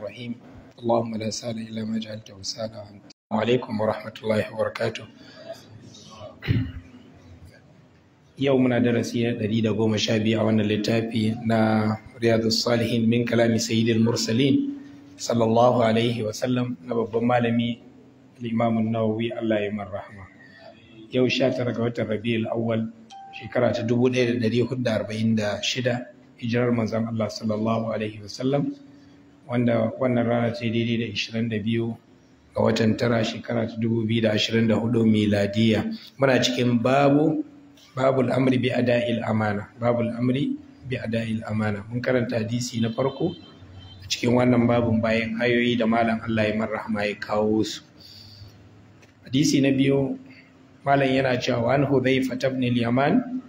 الرحيم اللهم لا سهل yau muna darasi na ɗari da goma sha biyu a wannan littafi na riyadu salihin min kalamin sayyidil mursalin na babban malami limamun nawawi allah ya rahama yau sha tara ga watan rabi'ul awwal shekara ta dubu ɗaya da ɗari hudu da arba'in da shida hijirar manzon allah sallallahu wanda wannan rana ce daidai da 22 ga watan tara shekara ta 2024 miladiya muna cikin babu babul amri bi ada'il amana babul amri bi ada'il amana mun karanta hadisi na farko a cikin wannan babun bayan ayoyi da malam Allah ya Rahma ya kawo su hadisi na biyu malam yana cewa an hudhaifa ibn al-yaman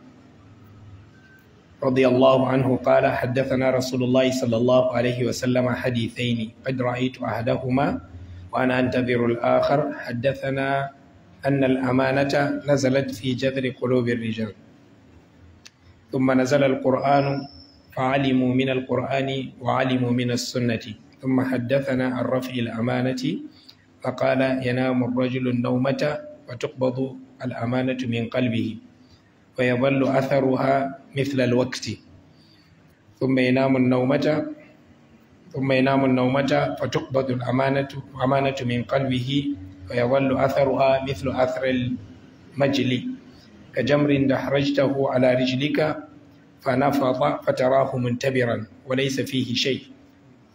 رضي الله عنه قال حدثنا رسول الله صلى الله عليه وسلم حديثين قد رأيت أحدهما وأنا أنتظر الآخر حدثنا أن الأمانة نزلت في جذر قلوب الرجال ثم نزل القرآن فعلموا من القرآن وعلموا من السنة ثم حدثنا عن رفع الأمانة فقال ينام الرجل النومة وتقبض الأمانة من قلبه فيظل أثرها مثل الوقت ثم ينام النومة ثم ينام النومة فتقبض الأمانة أمانة من قلبه فيظل أثرها مثل أثر المجلي كجمر دحرجته على رجلك فنفض فتراه منتبرا وليس فيه شيء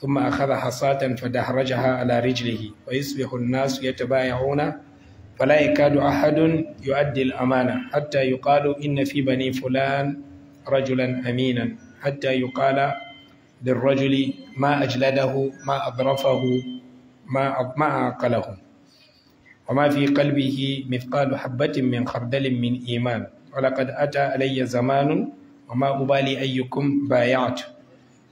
ثم أخذ حصاة فدحرجها على رجله ويصبح الناس يتبايعون فلا يكاد أحد يؤدي الأمانة حتى يقال إن في بني فلان رجلا أمينا حتى يقال للرجل ما أجلده ما أظرفه ما ما أعقله وما في قلبه مثقال حبة من خردل من إيمان ولقد أتى علي زمان وما أبالي أيكم بايعت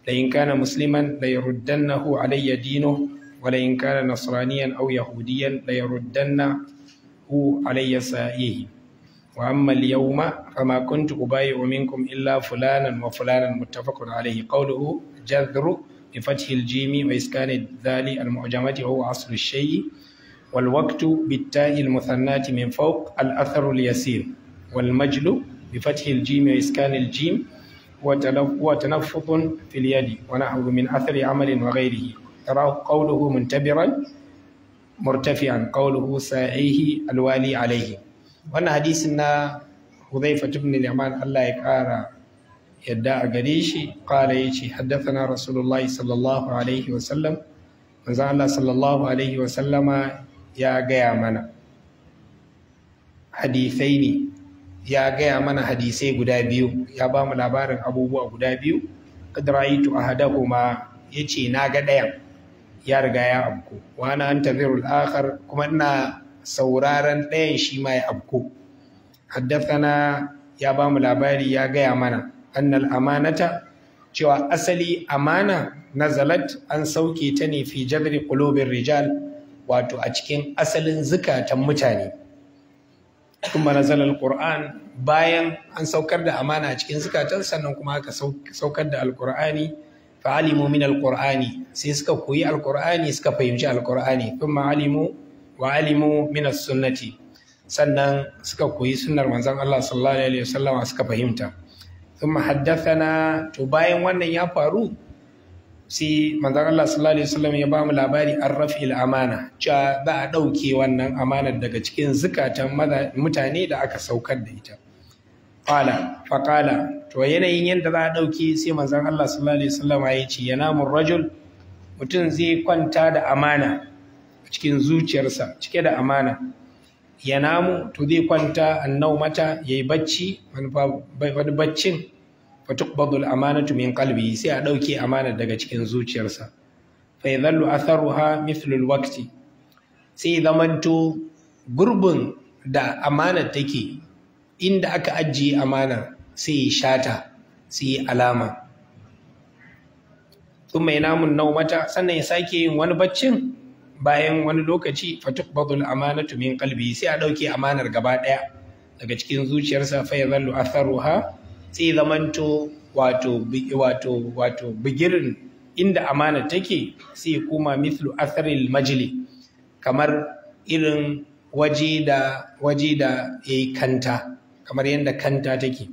لئن كان مسلما ليردنه علي دينه ولئن كان نصرانيا أو يهوديا ليردن U alayya sa'ihi wa amma al-yawma fama kuntu ubayyi'u minkum illa fulanan wa fulanan muttafaqun alayhi qawluhu jadru bi fathil jimi wa iskani dhali al-mu'jamati wa huwa asl ash-shay wal waqtu bi ta'i min fawq al-atharu al-yasir wal majlu bi fathil jimi wa iskani al-jim wa tanaffudun yadi wa nahwu min athari amalin wa ghayrihi tarahu qawluhu muntabiran murtafiyan qawluhu sa'ihi alwali alaihi wannan hadisin na Hudhaifa ibn al-Yaman Allah ya kara yadda a gare shi qala yace haddathana rasulullahi sallallahu alaihi wa sallam manzo Allah sallallahu alaihi wa sallama ya gaya mana hadisai ya gaya mana hadisai guda biyu ya ba mu labarin abubuwa guda biyu kadraitu ahadahuma yace na ga ɗayan ya riga ya afko wa na antazirul akhar kuma ina sauraron ɗayan shi ma ya afko haddathana ya ba mu labari ya gaya mana annal amanata cewa asali amana nazalat an sauke ta ne fi jabri qulubir rijal wato a cikin asalin zukatan mutane kuma nazalal qur'an bayan an saukar da amana a cikin zukatan sannan kuma aka saukar da alqur'ani fa'alimu min alqur'ani sai suka koyi alur'ani suka fahimci alqur'ani tun alimu wa alimu min sunnati sannan suka koyi sunnar manzon Allah sallallahu alaihi wasallam suka fahimta kuma na to bayan wannan ya faru sai manzon Allah sallallahu alaihi wasallam ya bamu labari an rafil amana cewa za a ɗauke wannan amanar daga cikin zukatan mutane da aka saukar da ita qala to yanayin yadda za a ɗauki sai manzan Allah sallallahu alaihi wasallam ya ce mun rajul mutum zai kwanta da amana a cikin zuciyarsa cike da amana namu to zai kwanta annau mata yayi bacci wani baccin fa tuqbadul amanatu min kalbi sai a ɗauki amana daga cikin zuciyarsa fa yadhallu atharuha mithlu wakti sai zamanto gurbin da amanar take inda aka ajiye amanar sai shata sai alama mai namun naumata sannan ya sake yin wani baccin bayan wani lokaci badul amanatu min qalbi sai a dauke amanar gaba daya daga cikin zuciyarsa fa yadhallu atharuha sai zamanto wato wato wato bigirin inda amana take sai kuma mithlu atharil majli kamar irin waje da waje da yayi kanta kamar yadda kanta take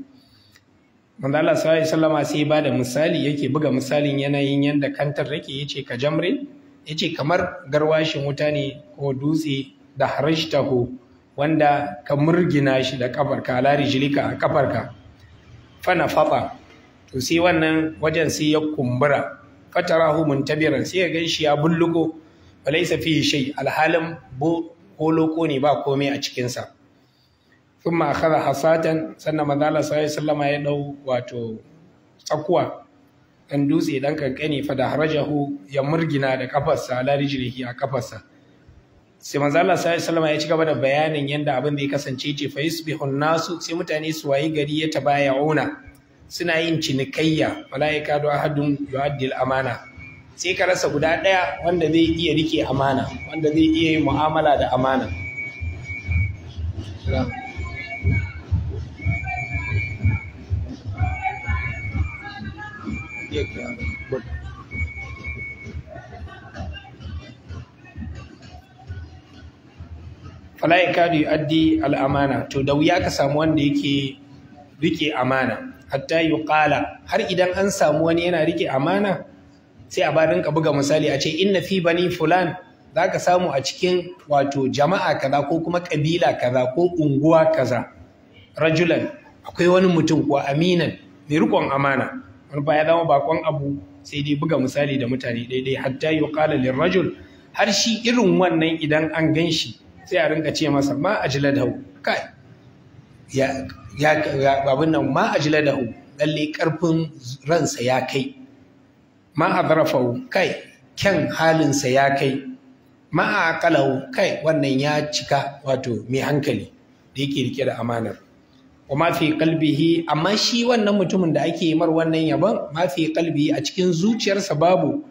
manzo Allah sallallahu alaihi wasallama sai ba da misali yake buga misalin yanayin yanda kantar yake yace ka jamre yace kamar garwashin wuta ne ko dutse da harashtahu wanda ka murgina shi da kafarka ala rijlika a kafarka fana fafa to sai wannan wajen sai ya kumbura fatarahu muntabiran sai ya gan shi ya bulluko walaysa fihi shay alhalam bo ko ne ba komai a cikinsa thumma akhadha hasatan sannan manzo Allah sallama ya dau wato tsakuwa dan dutse dan kankani fa da harajahu ya murgina da kafarsa la rijlihi a kafarsa sai mazala Allah sallama ya ci gaba da bayanin yanda abin da ya kasance ce fa yusbihu nasu sai mutane su wayi gari ya auna suna yin cinikayya malaika do ahadun yu'addil amana sai ka rasa guda ɗaya wanda zai iya rike amana wanda zai iya yin mu'amala da amana ये क्या गुड fala al'amana to da wuya ka samu wanda yake rike amana hatta yuqala har idan an samu wani yana rike amana sai a ba rinka buga misali a ce inna fi bani fulan za ka samu a cikin wato jama'a kaza ko kuma kabila kaza ko unguwa kaza rajulan akwai wani mutum kuwa aminan mai rikon amana ba ya zama bakon abu sai dai buga misali da mutane daidai hatta wakala lirajul har shi irin wannan idan an gan shi sai a rinka ce masa ma hu kai ya ya abin nan ma hu lalle karfin ransa ya kai ma a hu kai kyan halinsa ya kai ma a aqalahu kai wannan ya cika wato mai hankali da yake rike da amanar wa kalbihi amma shi wannan mutumin da ake mar wannan yabon ma fi qalbihi a cikin zuciyarsa babu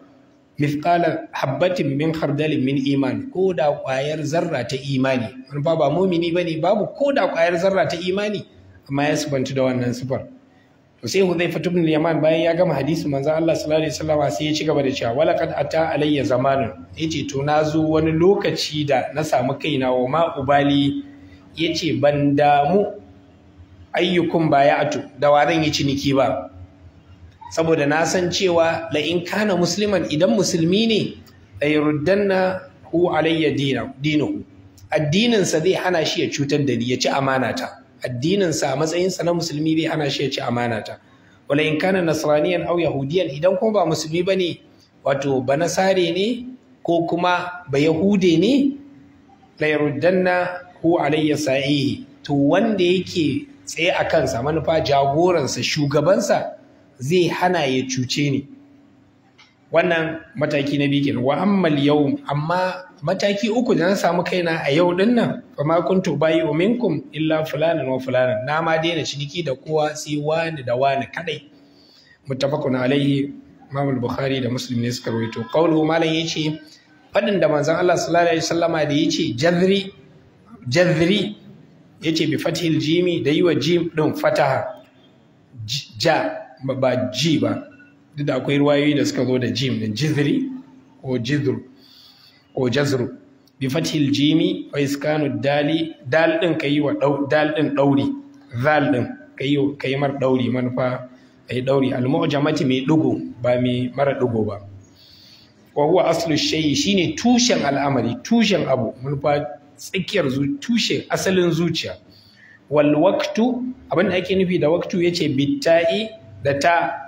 mithqala habbatin min khardalin min iman ko da ƙwayar zarra ta imani ba ba mumini ne babu ko da ƙwayar zarra ta imani amma ya subanci da wannan sifar to sai Hudhayfa ibn Yaman bayan ya gama hadisi manzo Allah sallallahu alaihi wasallam sai ya ci gaba da cewa wala qad ata alayya zamanun yace to na zo wani lokaci da na samu kaina wa ma ubali yace ban damu ayyukum bayatu da wa zan yi ciniki ba saboda na san cewa la in kana musliman idan musulmi ne la yurdanna hu alayya dinahu addininsa zai hana shi ya cutar da ni ya ci amanata addininsa a matsayinsa na musulmi zai hana shi ya ci amanata wala in kana nasraniyan aw yahudiyan idan kuma ba musulmi bane wato ba nasare ne ko kuma ba yahude ne la yurdanna hu alayya sa'i to wanda yake tsaye a kansa manufa jagoransa shugabansa zai hana ya cuce ni wannan mataki na bikin wa ammal yau amma mataki uku da na samu kaina a yau din nan fa ma kuntu bayi minkum illa fulanan wa fulanan na ma daina ciniki da kowa sai wani da wani kadai muttafaqun alaihi Imam Bukhari da Muslim ne suka rawaito qawluhu malam yace fadin da manzon Allah sallallahu alaihi wasallama da yace jazri jazri Ya ce, fathil jimi da yi wa jim ɗin fataha ja ba ji ba duk da akwai ruwayoyi da suka zo da jim da jizri ko jizru ko jazru bi jimi wa iskanu dali dal ka yi wa dal ɗin ɗauri zal din kai kai mar ɗauri manufa mai ɗigo ba mai mara ɗigo ba wa huwa aslu shay'i shine tushen al'amari tushen abu manufa tsakiyar tushe asalin zuciya wal waktu abin da ake nufi da ya yace bitta'i da ta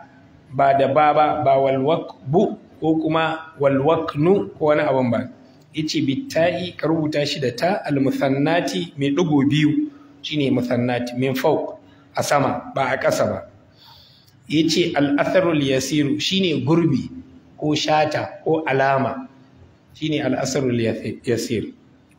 ba da ba ba ba wal waqbu ko kuma wal waknu ko wani abin ba yace bitta'i ka rubuta shi da ta al musannati mai dugo biyu shine musannati min fawq a sama ba a ƙasa ba yace al atharul yasiru shine gurbi ko shata ko alama shine al asarul yasir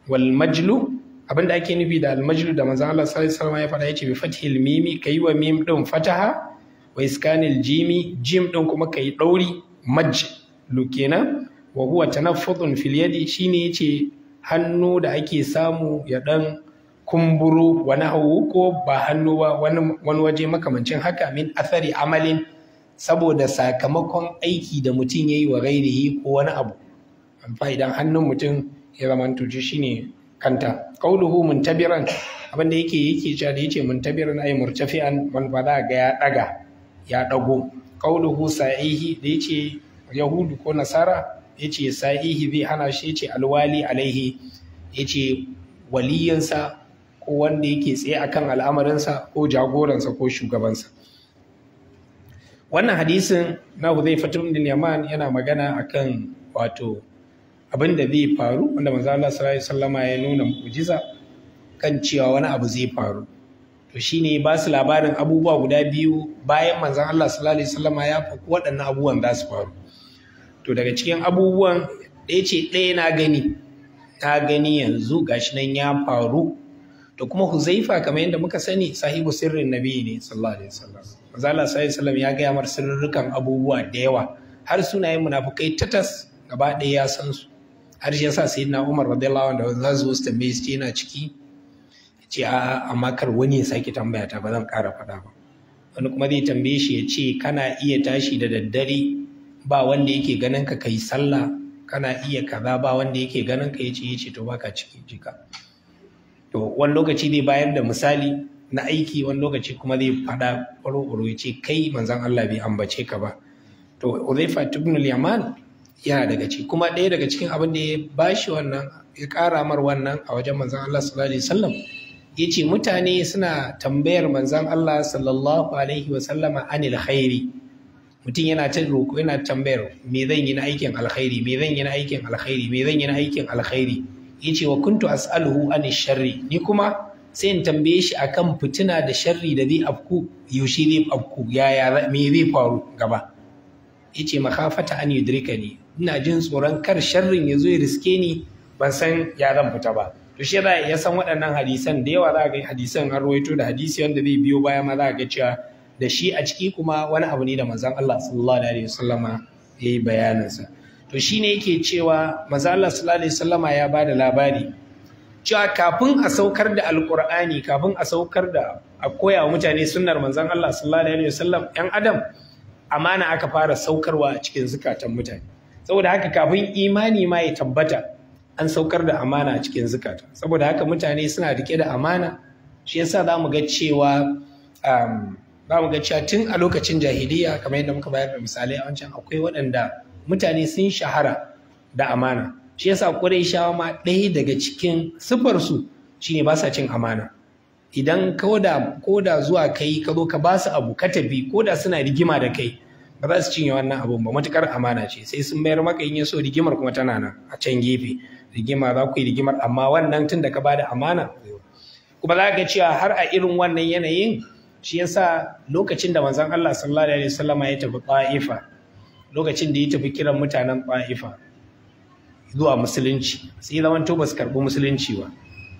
wal majlu abinda ake nufi da almajlu da manzon Allah sallallahu alaihi ya fada yace bi fathil mimi kai wa mim din fataha wa iskanil jimi jim din kuma kai dauri majlu kenan wa huwa tanaffudun fil yadi shine yace hannu da ake samu ya dan kumburu wani hau ko ba hannu ba wani waje makamancin haka min athari amalin saboda sakamakon aiki da mutum ya yi wa gairihi ko wani abu amfa idan hannun mutum ya zama tuji shine kanta qauluhu muntabiran abin da yake yake cewa da yace muntabiran ay murtafi'an wani ba za ga ya daga ya dago qauluhu sa'ihi da ce yahudu ko nasara yace sa'ihi zai hana shi yace alwali alaihi yace waliyansa ko wanda yake tsaye akan al'amarinsa ko jagoransa ko shugabansa wannan hadisin na Hudhaifa ibn Yaman yana magana akan wato abin da zai faru wanda manzo Allah sallallahu alaihi wasallama ya nuna mu'jiza kan cewa wani abu zai faru to shine ba su labarin abubuwa guda biyu bayan manzon Allah sallallahu alaihi wasallama ya faku waɗannan abubuwan za su faru to daga cikin abubuwan ɗaya ce ɗaya na gani ta gani yanzu gashi nan ya faru To kuma huzaifa kamar yadda muka sani sahibu sirrin nabi ne sallallahu alaihi wasallam manzo Allah sallallahu alaihi ya gaya yamar sirrukan abubuwa da yawa har sunayen munafukai tatas gaba ɗaya ya san su har shi yasa sayyidina Umar radiyallahu anhu za su wasu tambaye su yana ciki ce a amma kar wani ya sake tambaya ta ba zan ƙara faɗa ba wani kuma zai tambaye shi ya ce kana iya tashi da daddare ba wanda yake ganin ka kai sallah kana iya kaza ba wanda yake ganin ka yace yace to baka ciki jika to wani lokaci zai bayar da misali na aiki wani lokaci kuma zai faɗa ɓaro-ɓaro ya ce kai manzan Allah bai ambace ka ba to Uzaifa ibn al-Yaman yana daga ciki kuma ɗaya daga cikin abin da ya bashi wannan ya ƙara mar wannan a wajen manzan Allah sallallahu alaihi wasallam ya ce mutane suna tambayar manzan Allah sallallahu alaihi wasallama anil khairi mutum yana ta roƙo yana tambayar me zan yi na aikin alkhairi me zan yi na aikin alkhairi me zan yi na aikin alkhairi ya ce wa kuntu as'aluhu an sharri ni kuma sai in tambaye shi akan fitina da sharri da zai afku yaushe zai afku yaya me zai faru gaba ya ce makafata an yudrika ne ina jin tsoron kar sharrin ya zo ya riske ni ban san ya zan fita ba to shi ya san waɗannan hadisan da yawa za ga hadisan an rawaito da hadisi wanda zai biyo baya ma za ga cewa da shi a ciki kuma wani abu ne da manzon Allah sallallahu alaihi wasallama ya yi bayaninsa to shine yake cewa manzon Allah sallallahu alaihi wasallama ya ba da labari cewa kafin a saukar da alkur'ani kafin a saukar da a koya wa mutane sunnar manzon Allah sallallahu alaihi wasallam yan adam amana aka fara saukarwa a cikin zukatan mutane saboda haka kafin imani ma ya tabbata an saukar da amana a cikin zukata saboda haka mutane suna rike da amana shi yasa za mu ga cewa um, za mu ga cewa tun a lokacin jahiliya kamar yadda muka bayar da misalai a wancan akwai waɗanda mutane sun shahara da amana shi yasa shawa ma ɗaya daga cikin siffarsu shine ba sa cin amana idan koda da zuwa kai ka zo ka ba su abu ka tafi koda suna rigima da kai ba za su cinye wannan abun ba matukar amana ce sai sun mayar maka in ya so rigimar kuma tana nan a can gefe rigima za ku yi rigimar amma wannan tun da ka bada amana kuma za ka cewa har a irin wannan yanayin shi yasa lokacin da manzon Allah sallallahu alaihi ya tafi Ta'ifa lokacin da ya tafi kiran mutanen Ta'ifa zuwa musulunci sai to ba su karɓi musulunci ba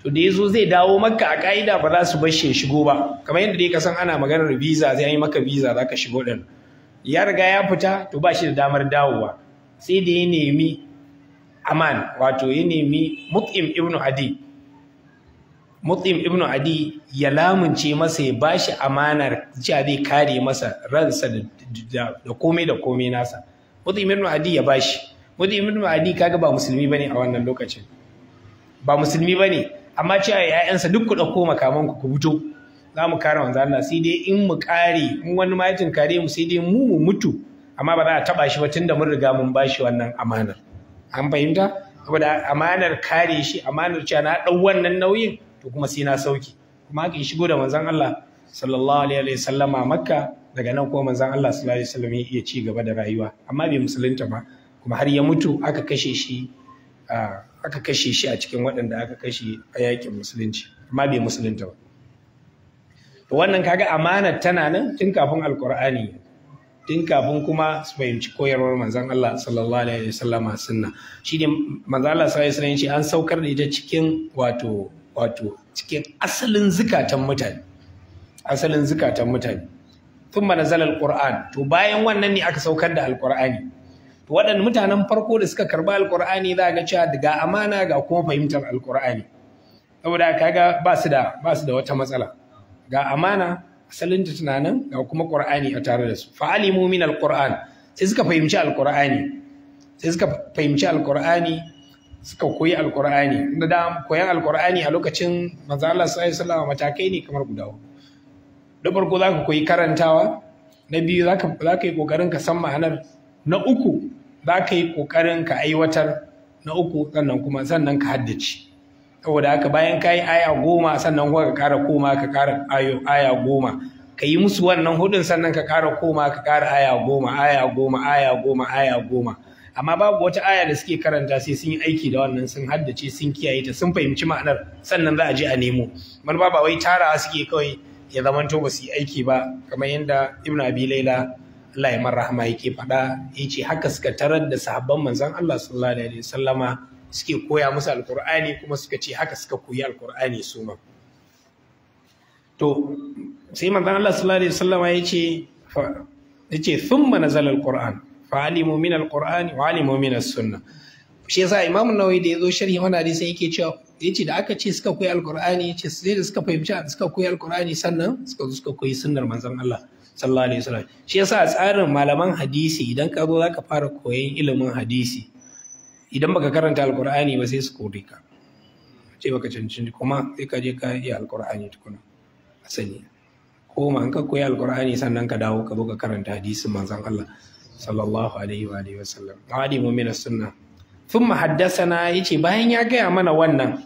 to da yazo zai dawo maka a ka'ida ba za su bar shi shigo ba kamar yadda dai ka san ana maganar visa zai yi maka visa za ka shigo din ya riga ya fita to ba shi da damar dawowa sai da ya nemi aman wato ya nemi mut'im ibnu adi mut'im ibnu adi ya lamunce masa ya ba shi amanar cewa zai kare masa ransa da komai da komai nasa mut'im ibnu adi ya ba shi mut'im ibnu adi kaga ba musulmi bane a wannan lokacin ba musulmi bane amma cewa ya'yansa duk ku dauko makaman ku ku fito za mu kare manzo Allah sai dai in mu kare in wani ma ya kare mu sai dai mu mu mutu amma ba za a taba shi ba tun da mun riga mun ba shi wannan amanar an fahimta saboda amanar kare shi amanar cewa na dau wannan nauyin to kuma sai na sauki kuma haka shigo da manzon Allah sallallahu alaihi wa sallama makka daga nan kuma manzon Allah sallallahu alaihi wa sallam ya ci gaba da rayuwa amma bai musulunta ba kuma har ya mutu aka kashe shi aka kashe shi a cikin waɗanda aka kashe a yakin musulunci amma bai musulunta ba wannan kaga amana tana nan tun kafin alkur'ani tun kafin kuma su fahimci koyarwar manzon Allah sallallahu alaihi wasallama sunna shine manzon Allah sallallahu alaihi wasallam an saukar da ita cikin wato wato cikin asalin zukatan mutane asalin zukatan mutane tun ba nazalar Qur'an to bayan wannan ne aka saukar da alkur'ani to waɗannan mutanen farko da suka karba alkur'ani za ga cewa daga amana ga kuma fahimtar alkur'ani saboda kaga ba su da ba su da wata matsala ga amana asalin da tunanin ga kuma qur'ani a tare da su fa'alimu min alquran sai suka fahimci alqur'ani sai suka fahimci alqur'ani suka koyi alqur'ani da da koyan alqur'ani a lokacin manzo Allah sallallahu alaihi wasallam matakai ne kamar guda uku da farko zaka koyi karantawa na biyu zaka zaka yi kokarin ka san ma'anar na uku zaka yi kokarin ka aiwatar na uku sannan kuma sannan ka haddace saboda haka bayan ka yi aya goma sannan kuma ka ƙara koma ka ƙara aya goma ka yi musu wannan hudun sannan ka ƙara koma ka ƙara aya goma aya goma aya goma aya goma amma babu wata aya da suke karanta sai sun yi aiki da wannan sun haddace sun kiyaye ta sun fahimci ma'anar sannan za a je a nemo man ba wai tarawa suke kawai ya zamanto ba su yi aiki ba kamar yadda ibn abi laila Allah ya rahama yake faɗa yace haka suka tarar da sahabban manzon Allah sallallahu alaihi wasallama suke koya musu alkur'ani kuma suka ce haka suka koyi alkur'ani su ma to sai manzon Allah sallallahu alaihi wasallama yace yace thumma nazala alquran fa alimu min alqur'ani wa alimu min as-sunnah shi yasa Imam Nawawi da yazo sharhi wannan hadisi yake cewa yace da aka ce suka koyi alqur'ani yace sai da suka fahimci suka koyi alqur'ani sannan suka zo suka koyi sunnar manzon Allah sallallahu alaihi wasallam shi yasa a tsarin malaman hadisi idan ka zo zaka fara koyon ilimin hadisi idan baka karanta alkur'ani ba sai su kore ka ce baka cancanci kuma sai ka je ka yi alkur'ani tukuna a sani koma an ka koyi alkur'ani sannan ka dawo ka zo ka karanta hadisin manzon Allah sallallahu alaihi wa alihi wasallam alimu min sunna thumma haddathana yace bayan ya gaya mana wannan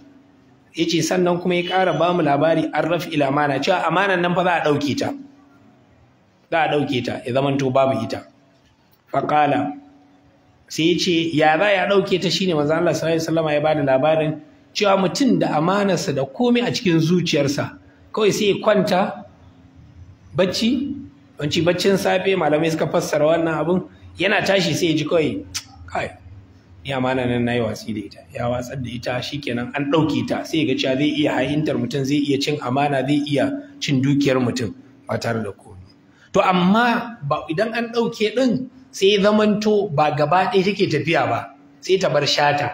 yace sannan kuma ya ƙara ba mu labari an rafi ila amana cewa amanan nan fa za a dauke ta za a dauke ta ya zamanto babu ita faƙala sai ya ce ya za ya ɗauke ta shine ne Allah sallallahu alaihi wasallam ya bada labarin cewa mutum da amanarsa da komai a cikin zuciyarsa kawai sai ya kwanta bacci wanci baccin safe malamai suka fassara wannan abun yana tashi sai ya ji kawai kai ni amana nan nayi watsi da ita ya watsar da ita shikenan an ɗauke ta sai ga cewa zai iya hayintar mutum zai iya cin amana zai iya cin dukiyar mutum ba tare da komai to amma ba idan an ɗauke ɗin sai zamanto ba gaba ɗaya take tafiya ba sai ta bar shata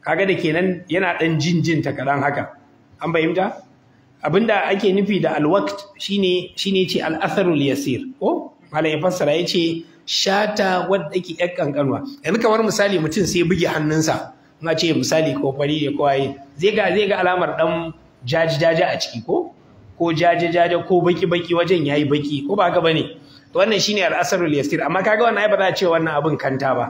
kaga da kenan yana ɗan jinjin ta kaɗan haka an fahimta abinda ake nufi da alwakt shine shine ce al'asarul yasir ko malam ya fassara ya ce shata wadda ake yar kankanwa yanzu kamar misali mutum sai buge hannunsa na ce misali ko fari ne ko zai ga zai ga alamar dan jaji jaji a ciki ko ko jaje jaje ko baki baki wajen yayi baki ko ba haka bane wannan shine al'asarul yasir amma kaga wannan ai ba za a ce wannan abin kanta ba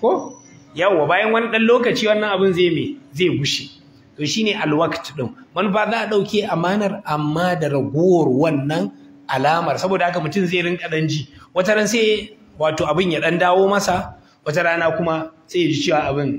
ko yawa bayan wani dan lokaci wannan abin zai me zai gushe to shine alwaqt din manufa za a dauke amanar amma da ragowar wannan alamar saboda haka mutum zai rinka dan ji wata ran sai wato abin ya dan dawo masa wata rana kuma sai ya ji cewa abin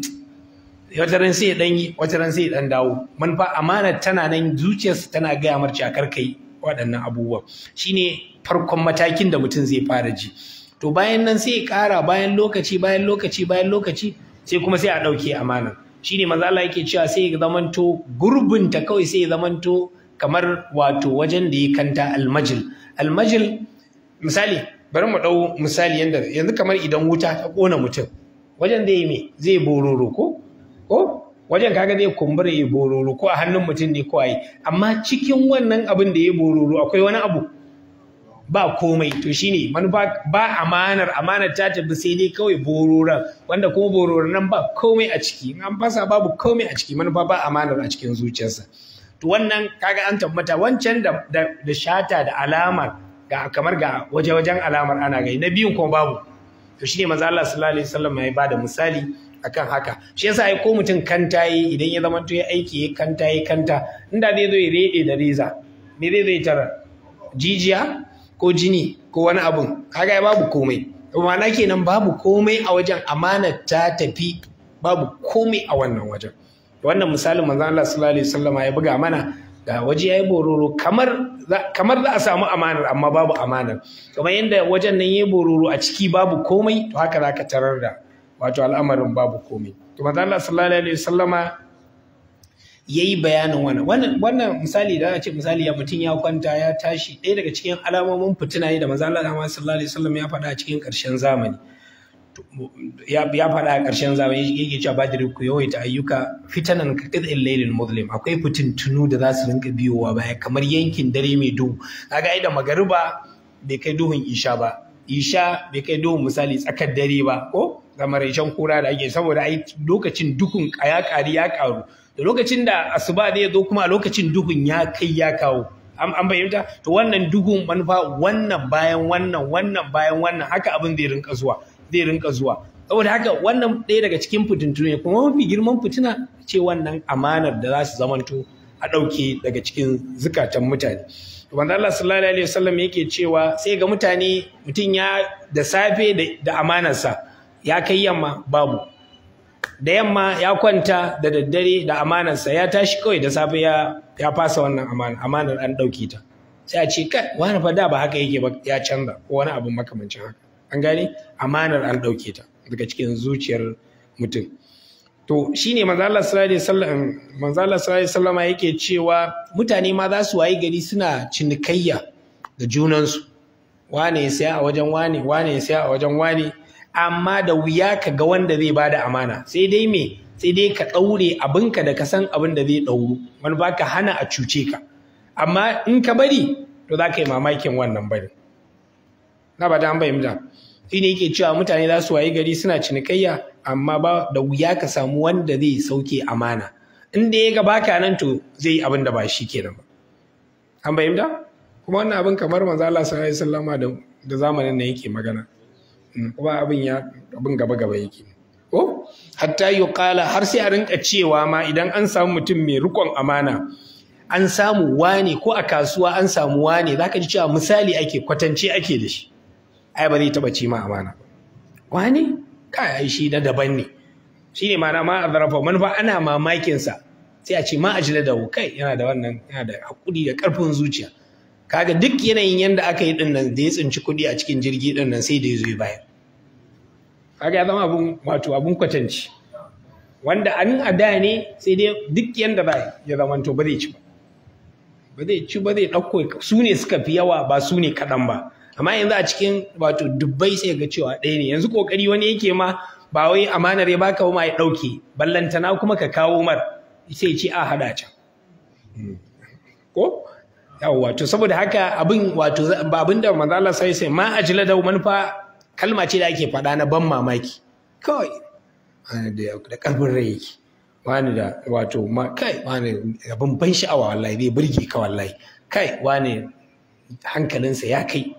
wata ran sai ya dan yi wata ran sai ya dan dawo manufa amanar tana nan zuciyarsa tana gaya marci a karkai waɗannan abubuwa shine farkon matakin da mutum zai fara ji to bayan nan sai ya ƙara bayan lokaci bayan lokaci bayan lokaci sai kuma sai a ɗauke amana shine maza Allah yake cewa sai ya zamanto gurbinta kawai sai ya zamanto kamar wato wajen da ya kanta almajil almajil misali bari mu ɗau misali yanda yanzu kamar idan wuta ta ƙona mutum wajen zai yi me zai bororo ko ko wajen kaga zai kumbura ya bororo ko a hannun mutum ne ko a yi amma cikin wannan abin da ya bororo akwai wani abu ba komai to shine manufa ba amanar amanar ta tafi sai dai kawai bororan wanda kuma bororan nan ba komai a ciki an fasa babu komai a ciki manufa ba amanar a cikin zuciyarsa to wannan kaga an tabbata wancan da, da, shata da alamar ga kamar ga waje-wajen alamar ana gai na biyun kuma babu to shine manzo Allah sallallahu alaihi wasallam ya da misali akan haka shi yasa ai ko mutum kanta yi idan ya zama to ya aiki ya kanta ya kanta inda zai zo ya rede da reza me zai zai tara jijiya ko jini ko wani abun kaga babu komai ma'ana kenan babu komai a wajen amana ta tafi babu komai a wannan wajen wannan misalin manzo Allah sallallahu alaihi wasallama ya buga mana da waje yayi bororo kamar kamar za a samu amanar amma babu amanar kamar yadda wajen nan yayi bororo a ciki babu komai to haka zaka tarar da wato al'amarin babu komai to manzo Allah sallallahu alaihi wasallama ya yi bayanin wannan wannan misali da ce misali ya mutum ya kwanta ya tashi ɗaya daga cikin alamomin fitina ne da maza Allah sallallahu alaihi wasallam ya faɗa a cikin ƙarshen zamani ya faɗa a ƙarshen zamani yake cewa badirin ku yawaita ayyuka fitanan ka qid'il lailil muzlim akwai fitintunu da za su rinka biyowa baya kamar yankin dare mai duhu kaga ai da magariba bai kai duhun isha ba isha bai kai duhun misali tsakar dare ba ko kamar ishan kura da ake saboda ai lokacin duhun ƙaya ƙari ya ƙaru da lokacin da asuba zai zo kuma a lokacin duhun ya kai ya kawo an bayyanta to wannan duhun manufa wannan bayan wannan wannan bayan wannan haka abin zai rinka zuwa zai rinka zuwa saboda haka wannan ɗaya daga cikin fitintunu ne kuma mafi girman fitina ce wannan amanar da za su zamanto a ɗauke daga cikin zukatan mutane to Allah sallallahu alaihi wasallam yake cewa sai ga mutane mutum ya da safe da amanarsa ya kai yamma babu da yamma ya kwanta da daddare da amanarsa ya tashi kawai da safe ya fasa wannan amana amanar an ɗauke ta sai a ce kai wani fa da ba haka yake ba ya canza ko wani abin makamancin haka an gane amanar an ɗauke ta daga cikin zuciyar mutum to shine manzo Allah sallallahu alaihi wasallam yake cewa mutane ma za su wayi gari suna cinikayya da junansu wane ya a wajen wane wane ya saya a wajen wane amma da wuya ka ga wanda zai bada amana sai dai me sai dai ka ɗaure abinka da ka san abin da zai ɗauru wani ba ka hana a cuce ka amma in ka bari to za ka yi mamakin wannan bari na ba ta an fahimta shi ne yake cewa mutane za su waye gari suna cinikayya amma ba da wuya ka samu wanda zai sauke amana in da ya ga baka nan to zai yi abin da ba shi kenan ba an fahimta kuma wannan abin kamar manzo Allah sallallahu alaihi wasallama da zamanin nan yake magana Mm, kuma abin ya abin gaba gaba yake ko hatta yuqala har sai a rinka cewa ma idan an samu mutum mai rikon amana an samu wane ko a kasuwa an samu wane zaka ji cewa misali ake kwatance ake da shi ai ba zai taba ci ma amana wane kai ai shi na daban ne shine ma'ana ma azrafa man fa ana mamakinsa sai a ce ma ajila da kai yana da wannan yana da hakuri da karfin zuciya kaga duk yanayin yanda aka yi din nan da ya tsinci kuɗi a cikin jirgi din nan sai da ya zo ya bayar kaga ya zama abun wato abun kwatanci wanda an a da ne sai dai duk yanda ba ya zama to ba zai ci ba ba zai ci ba zai ɗauko su ne suka fi yawa ba su ne kaɗan ba amma yanzu a cikin wato dubbai sai ga cewa ɗaya ne yanzu ƙoƙari wani yake ma ba wai amanar ya baka ma ya ɗauke ballantana kuma ka kawo mar sai ce a haɗa can hmm. ko yawwa to saboda haka abin wato ba abin da manzo Allah sai sai ma ajila da manufa kalma ce da ake faɗa na ban mamaki kawai wani da da karfin rai yake wani da wato ma kai wani abin ban sha'awa wallahi zai burge ka wallahi kai wani hankalinsa ya kai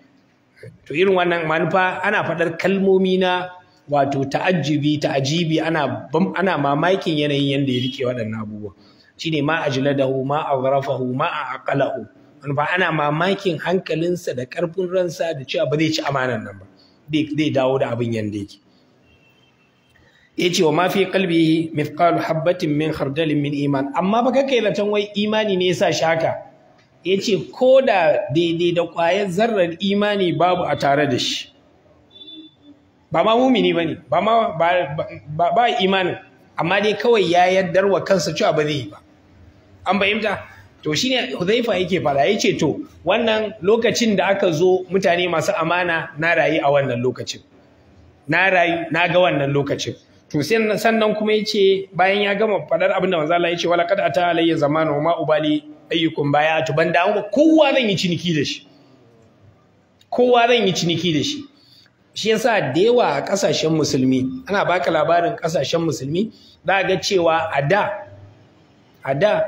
to irin wannan manufa ana faɗar kalmomi na wato ta'ajjubi ta'ajibi ana ana mamakin yanayin yanda ya rike waɗannan abubuwa shine ma ajladahu ma aghrafahu ma aqalahu ba ana mamakin hankalinsa da ƙarfin ransa da cewa ba zai ci amanan nan ba zai dawo da abin yadda yake ya ce wa ma fi kalbi mithqalu habbatin min khardalin min iman amma ba kai da wai imani ne yasa shaka ya ce ko da daidai da ƙwayar zarrar imani babu a tare da shi ba ma mumini ba ne ba ma ba imanin amma dai kawai ya yaddar wa kansa cewa ba zai yi ba an fahimta to shine Hudhaifa yake fara yace to wannan lokacin da aka zo mutane masu amana na rayu a wannan lokacin na rayu na ga wannan lokacin to sannan kuma yace bayan ya gama fadar abin da manzo Allah yace wala qad ata alayya zamanu ma ubali ayyukum baya to ban dawo kowa zan yi ciniki da shi kowa zan yi ciniki da shi shi yasa da yawa a kasashen musulmi ana baka labarin kasashen musulmi za ga cewa a da a da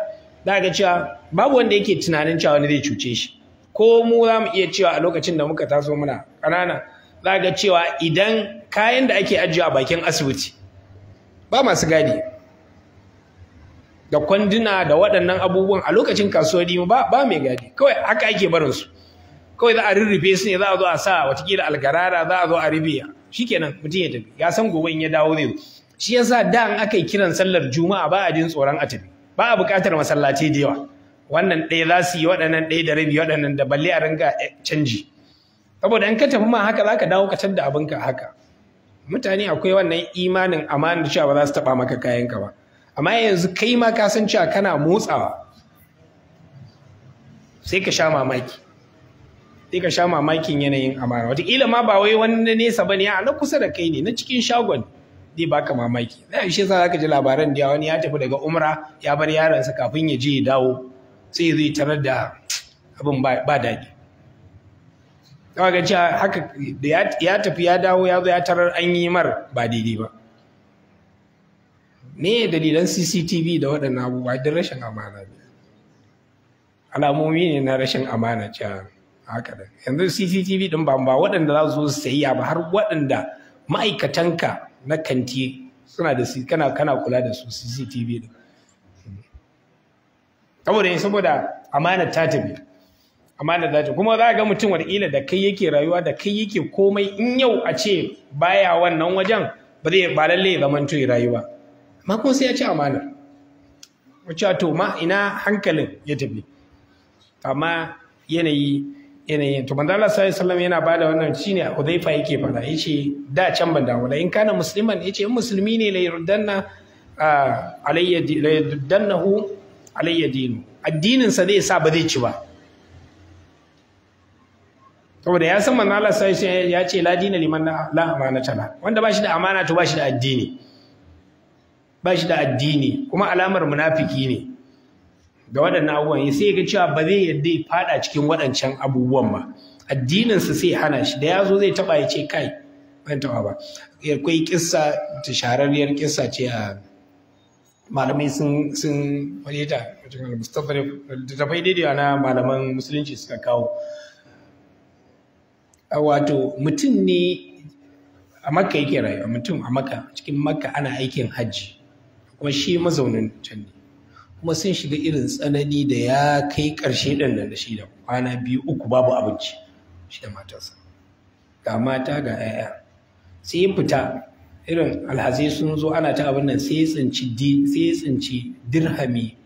za ga cewa babu wanda yake tunanin cewa wani zai cuce shi ko mu za mu iya cewa a lokacin da muka taso muna ƙanana za ga cewa idan kayan da ake ajiye a bakin asibiti ba masu gadi da kwanduna da waɗannan abubuwan a lokacin kasuwar mu ba mai gadi kawai haka ake barin su kawai za a rurrufe su ne za a zo a sa watakila algarara za a zo a ribiya shikenan mutum ya tafi ya san gobe in ya dawo zai shi yasa da an aka yi kiran sallar juma'a ba a jin tsoron a tafi ba a buƙatar masallaci da yawa wannan ɗaya za su yi waɗannan ɗaya da rabi waɗannan da balle a ringa eh, canji saboda in ka tafi ma haka za ka dawo ka canza ka haka mutane akwai wannan imanin da cewa ba za su taɓa maka kayanka ba amma yanzu kai ma ka san cewa kana motsawa sai ka sha mamaki sai ka sha mamakin yanayin amara wataƙila ma ba wai wani nesa ba ne a na kusa da kai ne na cikin shagon zai baka mamaki na shi yasa zaka ji labaran da wani ya tafi daga umra ya bar yaransa kafin ya je ya dawo sai zai tarar da abin ba daɗi kawai ga cewa haka da ya tafi ya dawo ya zo ya tarar an yi mar ba daidai ba ne dalilan cctv da waɗannan abubuwa don rashin amana ne alamomi ne na rashin amana cewa haka da yanzu cctv din ba waɗanda za su sayi ba har waɗanda ma'aikatanka na kanti suna da su kana kana kula da su CCTV din saboda saboda amana ta tafi amana ta tafi kuma za ga mutum wataƙila da kai yake rayuwa da kai yake komai in yau a ce baya wannan wajen ba zai ba lalle ya zamanto ya rayuwa amma kuma sai ya ci amana wacce to ma ina hankalin ya tafi amma yanayi yanayin to manzo Allah sallallahu alaihi wasallam yana bada wannan shine Hudhaifa yake fara yace da can ban dawo in kana musliman yace in musulmi ne la yurdanna alayya la yurdannahu alayya din addinin sa zai sa ba zai ci ba to da ya san manzo Allah sallallahu alaihi ya ce la dina liman la amana tana wanda ba shi da amana to ba shi da addini ba shi da addini kuma alamar munafiki ne Da waɗannan abubuwan sai ga cewa ba zai yadda ya fada cikin waɗancan abubuwan ba addininsa sai hana shi da ya zo zai taɓa ya ce kai ban taɓa ba akwai kissa ta shahararriyar kissa ce a malamai sun sun wani ta mustafa da ta fai daidai na malaman musulunci suka kawo wato mutum ne a makka yake rayuwa mutum a makka cikin makka ana aikin hajji kuma shi mazaunin can ne kuma sun shiga irin tsanani da ya kai ƙarshe ɗan da shi da kwana biyu uku babu abinci shi da matarsa ga mata ga 'ya'ya sai yin fita irin alhazai sun zo ana ta abin nan sai tsinci tsinci dirhami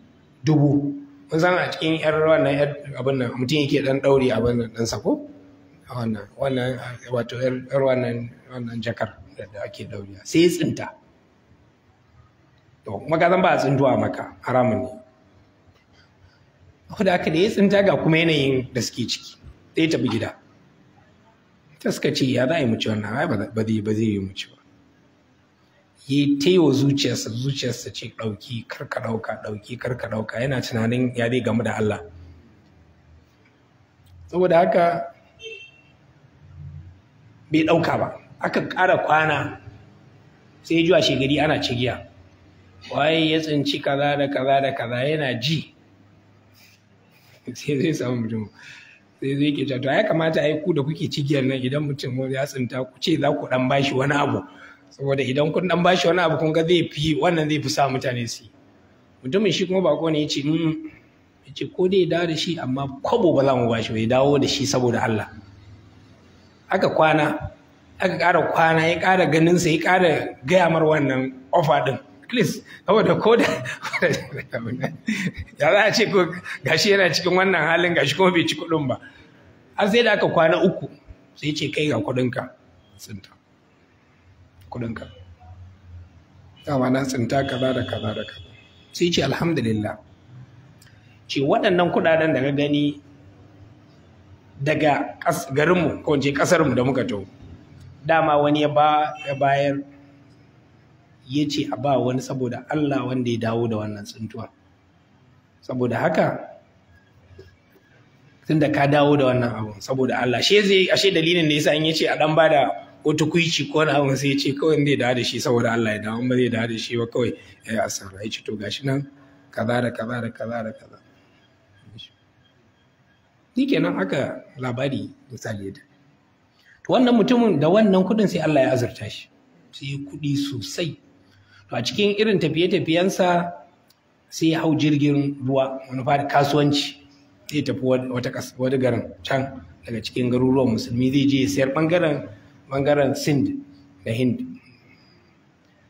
dubu mun san a cikin yar wannan yar abin nan mutum yake dan daure abin nan dan sako wannan wannan wato yar wannan wannan jakar da ake daure sai tsinta to kuma ka ba a maka haramun ne ko da aka da ya tsinta ga kuma yanayin da suke ciki sai tafi gida ta suka ce ya za a yi muci wannan ba zai ba zai yi ci ba yi ta yi wa zuciyarsa zuciyarsa ce ɗauki karka ɗauka ɗauki karka ɗauka yana tunanin ya zai gamu da Allah saboda haka bai ɗauka ba aka ƙara kwana sai zuwa ji ana cigiya waye ya tsinci kaza da kaza da kaza yana ji sai zai samu mutum sai zai ke to ya kamata yi ku da kuke cigiyar nan idan mutum ya tsinta ku ce za ku dan bashi wani abu saboda idan kun dan bashi wani abu kun ga zai fi wannan zai fi sa mutane su mutumin shi kuma bako ne ya ce ya ce ko dai dawo da shi amma kwabo ba za mu bashi ba ya dawo da shi saboda Allah aka kwana aka ƙara kwana ya ƙara sa ya ƙara gaya mar wannan ofa din please saboda ko da ya za a ce ko gashi yana cikin wannan halin gashi kuma bai ci kuɗin ba har sai da aka kwana uku sai ce kai ga kuɗinka tsinta kuɗinka ma na tsinta kaza da kaza da kaza sai ce alhamdulillah ce waɗannan kuɗaɗen da ka gani daga garinmu ko ce ƙasarmu da muka to dama wani ya bayar ya ce a ba wani saboda Allah wanda ya dawo da wannan tsintuwa saboda haka tunda ka dawo da wannan abun saboda Allah she zai ashe dalilin da yasa in yace a dan bada wata kuici ko wani abun sai ya ce kawai zai dawo da shi saboda Allah ya dawo ba zai dawo da shi ba kawai ya yi asara ya ce to gashi nan kaza da kaza da kaza da kaza ni kenan haka labari misali da wannan mutumin da wannan kudin sai Allah ya azurta shi sai kuɗi sosai to a cikin irin tafiye-tafiyensa sai ya hau jirgin ruwa wani fara kasuwanci zai tafi wata garin can daga cikin garuruwan musulmi zai je ya sayar bangaren bangaren sind da hind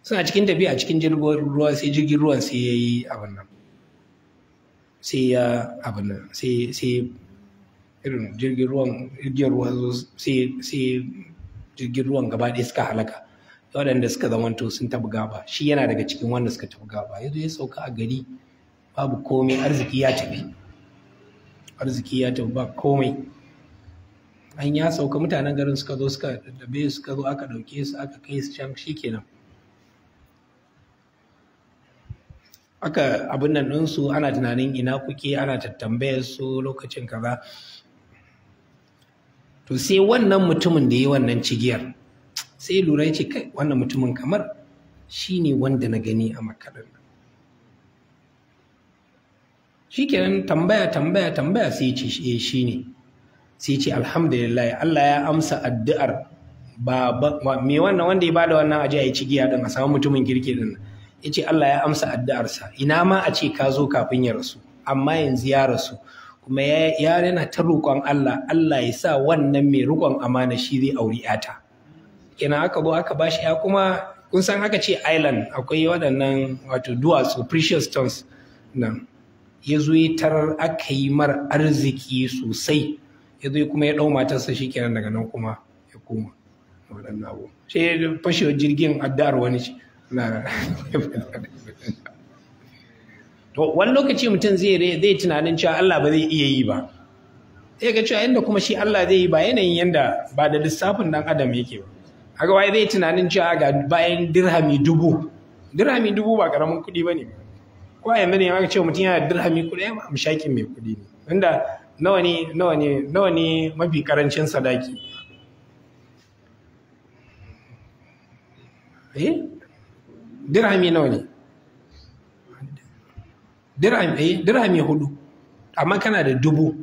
suna cikin tafiya a cikin jirgin ruwa sai jirgin ruwan sai ya yi abin nan sai ya abin nan sai sai irin jirgin ruwan jirgin sai sai jirgin ruwan gaba ɗaya suka halaka waɗanda suka zamanto sun tafi gaba shi yana daga cikin wanda suka tafi gaba ya zo ya sauka a gari babu komai arziki ya tafi arziki ya tafi ba komai an ya sauka mutanen garin suka zo suka daddabe suka zo aka ɗauke su aka kai su can kenan. aka abin nan ɗinsu ana tunanin ina kuke ana tattambayar su lokacin kaza to sai wannan mutumin da ya yi wannan cigiyar sai lura ya ce kai wannan mutumin kamar shi ne wanda na gani a makaɗin shi kenan tambaya tambaya tambaya sai ce eh, shi ne sai ce alhamdulillah Allah ya amsa addu'ar mai wannan wanda ya bada wannan ajiya ya ci giya din a samu mutumin kirki din ya ce Allah ya amsa addu'arsa ina ma a ce ka zo kafin ya rasu amma yanzu ya rasu kuma ya yana ta roƙon Allah Allah ya sa wannan mai riƙon amana shi zai auri 'yata kenan aka zo aka bashi ya kuma kun san aka ce island akwai waɗannan wato duwatsu precious stones nan ya zo ya tarar aka yi mar arziki sosai ya zo kuma ya ɗau matarsa shi kenan daga nan kuma ya koma waɗannan abu shi ya fashewar jirgin addar wani ce to wani lokaci mutum zai zai tunanin cewa Allah ba zai iya yi ba sai ga cewa inda kuma shi Allah zai yi ba yanayin yanda ba da lissafin dan adam yake ba kaga wai zai tunanin cewa ga bayan dirhami dubu dirhami dubu ba karamin kuɗi ba ne ko a yanzu ne ma ce mutum yana dirhami kuɗi ba mushakin mai kuɗi ne wanda nawa ne nawa ne nawa ne mafi karancin sadaki eh dirhami nawa ne dirhami eh dirhami hudu amma kana da dubu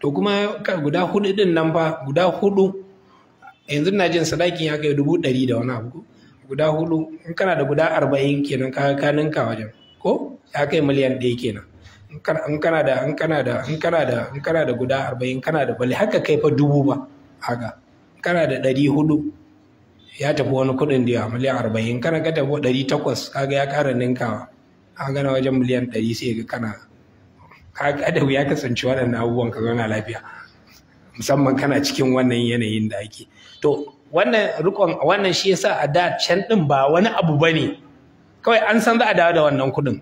to kuma guda hudu din nan fa guda hudu yanzu na jin sadakin ya kai dubu ɗari da wani abu guda hudu in kana da guda arba'in kenan ka ka ninka wajen ko ya kai miliyan ɗaya kenan in kana da in kana da in kana da in kana da guda arba'in kana da bali haka kai fa dubu ba haka kana da ɗari hudu ya tafi wani kuɗin da miliyan arba'in kana ka tafi ɗari takwas kaga ya ƙara ninkawa a gana wajen miliyan ɗari sai ga kana ka da ya kasance waɗannan abubuwan ka zauna lafiya musamman kana cikin wannan yanayin da ake to wannan rikon wannan shi yasa a da can din ba wani abu bane kawai an san za a dawo da wannan kudin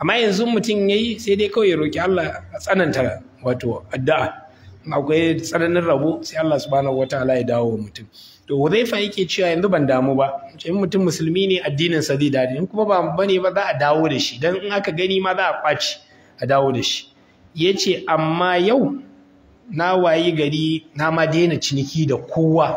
amma yanzu mutum yayi sai dai kawai ya roki Allah a tsananta wato addu'a akwai tsananin rabo sai Allah subhanahu wataala ya dawo mutum to huzaifa yake cewa yanzu ban damu ba in mutum musulmi ne addinin sa zai dadi in kuma ba bane ba za a dawo da shi dan in aka gani ma za a kwaci a dawo da shi yace amma yau na wayi gari na ma daina ciniki da kowa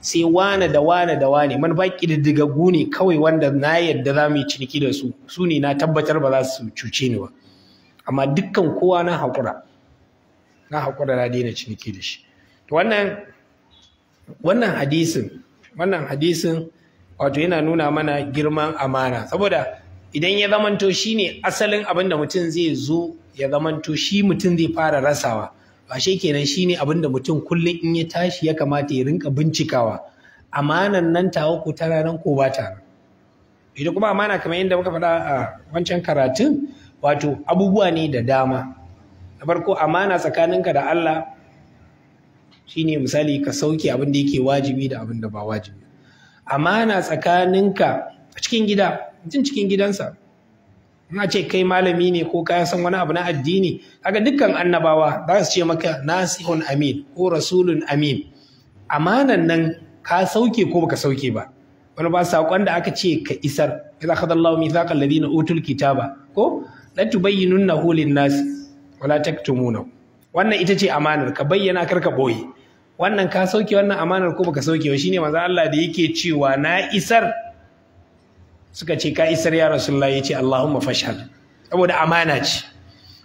sai wane da wane da wane ba ƙididdigaggu ne kawai wanda na yadda za mu yi ciniki da su su ne na tabbatar ba za su cuce ni ba amma dukkan kowa na haƙura na haƙura na daina ciniki da shi to wannan wannan hadisin wannan hadisin wato yana nuna mana girman amana saboda idan ya zamanto shine asalin abin da mutum zai zo ya zamanto shi mutum zai fara rasawa ashe kenan shine abin da mutum kullum in ya tashi ya kamata ya rinka bincikawa amanan nan ta ku tana nan ko ba ta kuma amana kamar yadda muka faɗa a wancan karatun wato abubuwa ne da dama na farko amana tsakaninka da Allah shine misali ka sauke abin da yake wajibi da abin da ba wajibi amana tsakaninka a cikin gida mutum cikin gidansa in ce kai malami ne ko kaya san wani abu na addini kaga dukkan annabawa za su ce maka nasihun amin ko rasulun amin amanan nan ka sauke ko baka sauke ba wani ba saƙon da aka ce ka isar idza khadha Allahu mithaqa alladhina utul kitaba ko la tubayyinunnahu lin-nas wala taktumuna wannan ita ce amanar ka bayyana kar ka boye wannan ka sauke wannan amanar ko baka sauke ba shine manzo Allah da yake cewa na isar suka ce ka isar ya rasulullah ya ce Allahumma fashhad saboda amana ce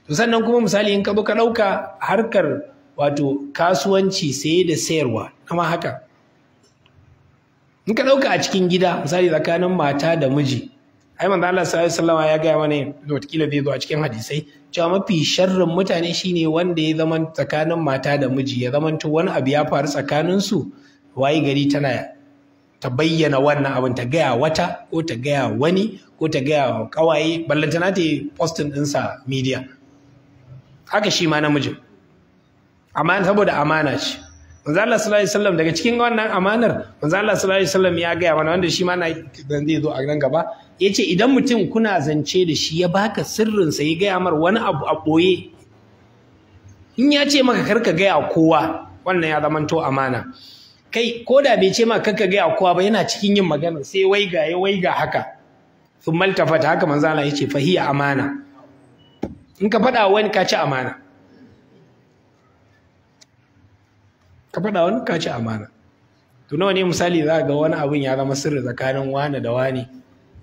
to sannan kuma misali in ka bi ka ɗauka harkar wato kasuwanci saye da sayarwa kama haka in ka ɗauka a cikin gida misali tsakanin mata da miji ai manzo Allah sallallahu alaihi ya gaya mana kila zai zo a cikin hadisai cewa mafi sharrin mutane shine wanda ya zama tsakanin mata da miji ya zamanto wani abu ya faru tsakanin su waye gari tana ta bayyana wannan abin ta gaya wata ko ta gaya wani ko ta gaya wa kawaye ballantana ta yi postin ɗinsa media haka shi ma namijin amma saboda amana ce manzo Allah sallallahu alaihi wasallam daga cikin wannan amanar manzo Allah sallallahu alaihi wasallam ya gaya mana wanda shi ma na zanzu zai zo a nan gaba yace idan mutum kuna zance da shi ya baka sirrin sa ya gaya mar wani abu a boye in ya ce maka karka gaya kowa wannan ya zamanto amana kai ko da bai ce ma kanka gaya kowa ba yana cikin yin magana sai waiga ya waiga haka sun maltafata haka manzo Allah yace fahiya amana in ka faɗa wani ka ci amana ka faɗa wani ka ci amana to nawa ne misali za ga wani abun ya zama sirri tsakanin wani da wani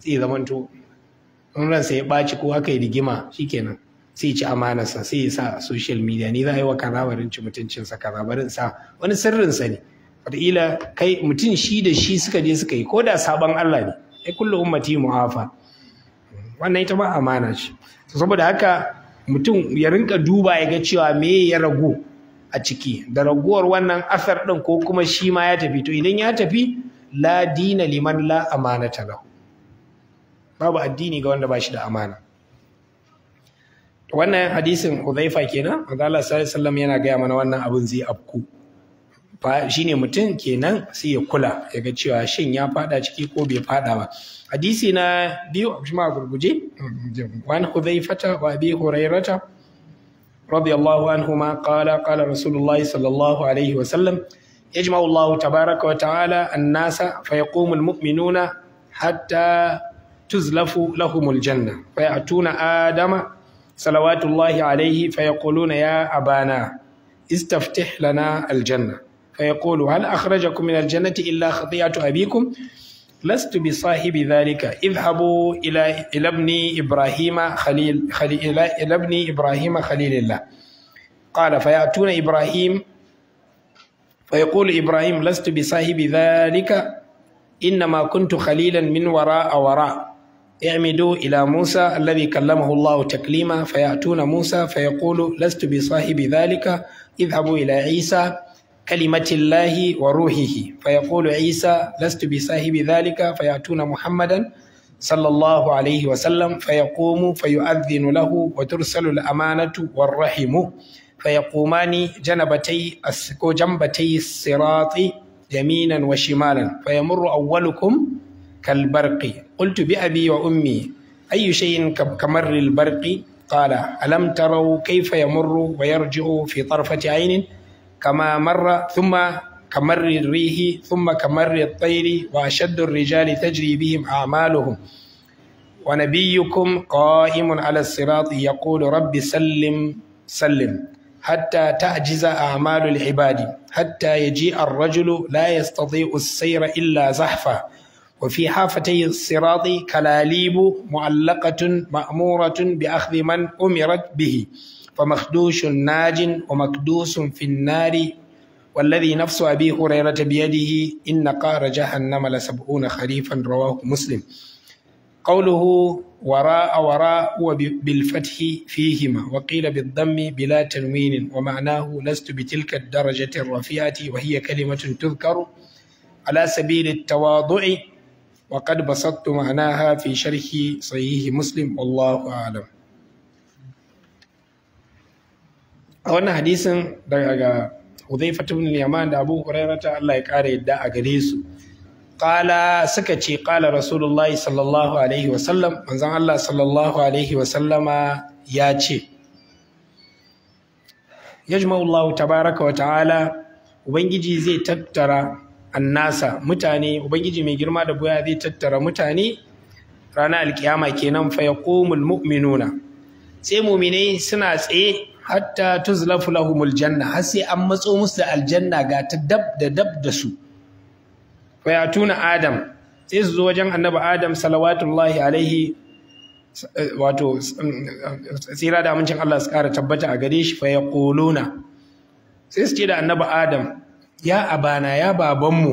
sai zamanto in sai ya ɓaci ko aka yi rigima shikenan sai ci amanarsa sai ya sa social media ni za a yi wa kaza barin ci mutuncinsa kaza barin sa wani sirrinsa ne wataƙila kai mutum shi da shi suka je suka yi ko da sabon Allah ne ai kullum ummati mu'afa wannan ita ma amana ce saboda haka mutum ya rinka duba ya ga cewa me ya ragu a ciki da raguwar wannan asar ɗin ko kuma shi ma ya tafi to idan ya tafi la dina liman la amanata lahu babu addini ga wanda ba shi da amana wannan hadisin Hudhaifa kenan Allah sallallahu alaihi wasallam yana gaya mana wannan abun zai afku shine mutum kenan sai ya kula ya ga cewa shin ya fada ciki ko bai fada ba hadisi na biyu a jima gurguje wani huzaifata wa abi hurairata radiyallahu anhuma qala qala rasulullahi sallallahu alaihi wa sallam يجمع الله تبارك وتعالى الناس فيقوم المؤمنون حتى تزلف لهم الجنة فيأتون آدم صلوات الله عليه فيقولون يا أبانا استفتح لنا الجنة فيقول هل أخرجكم من الجنة إلا خطيئة أبيكم لست بصاحب ذلك اذهبوا إلى إلى ابن إبراهيم خليل, خليل إلى, إلى ابن إبراهيم خليل الله قال فيأتون إبراهيم فيقول إبراهيم لست بصاحب ذلك إنما كنت خليلا من وراء وراء اعمدوا إلى موسى الذي كلمه الله تكليما فيأتون موسى فيقول لست بصاحب ذلك اذهبوا إلى عيسى كلمة الله وروحه فيقول عيسى لست بصاحب ذلك فيأتون محمدا صلى الله عليه وسلم فيقوم فيؤذن له وترسل الأمانة والرحم فيقومان جنبتي جنبتي الصراط يمينا وشمالا فيمر أولكم كالبرق قلت بأبي وأمي أي شيء كمر البرق قال ألم تروا كيف يمر ويرجع في طرفة عين كما مر ثم كمر الريح ثم كمر الطير وأشد الرجال تجري بهم أعمالهم ونبيكم قائم على الصراط يقول رب سلم سلم حتى تعجز أعمال العباد حتى يجيء الرجل لا يستطيع السير إلا زحفا وفي حافتي الصراط كلاليب معلقة مأمورة بأخذ من أمرت به فمخدوش ناج ومكدوس في النار والذي نفس أبي هريرة بيده إن قار جهنم لسبعون خريفا رواه مسلم قوله وراء وراء وبالفتح فيهما وقيل بالضم بلا تنوين ومعناه لست بتلك الدرجة الرفيعة وهي كلمة تذكر على سبيل التواضع وقد بسطت معناها في شرح صحيح مسلم والله أعلم a wannan hadisin daga Hudhaifa ibn al-Yaman da Abu Hurairah ta Allah ya kare yadda a gare su qala suka ce qala Rasulullahi sallallahu alaihi wa sallam manzon Allah sallallahu alaihi wa sallama ya ce yajma'u Allah tabaraka wa ta'ala ubangiji zai tattara annasa mutane ubangiji mai girma da buya zai tattara mutane ranar alkiyama kenan fa yaqumul mu'minuna sai muminai suna tsaye hatta tuzlafu lahumul janna har sai an matso musu da aljanna ga ta dab da dab da su Fayatuna adam sai su zo wajen annabi adam salawatullahi alaihi wato tsira da amincin Allah su kara tabbata a gare shi fa sai su ce da annabi adam ya abana ya babanmu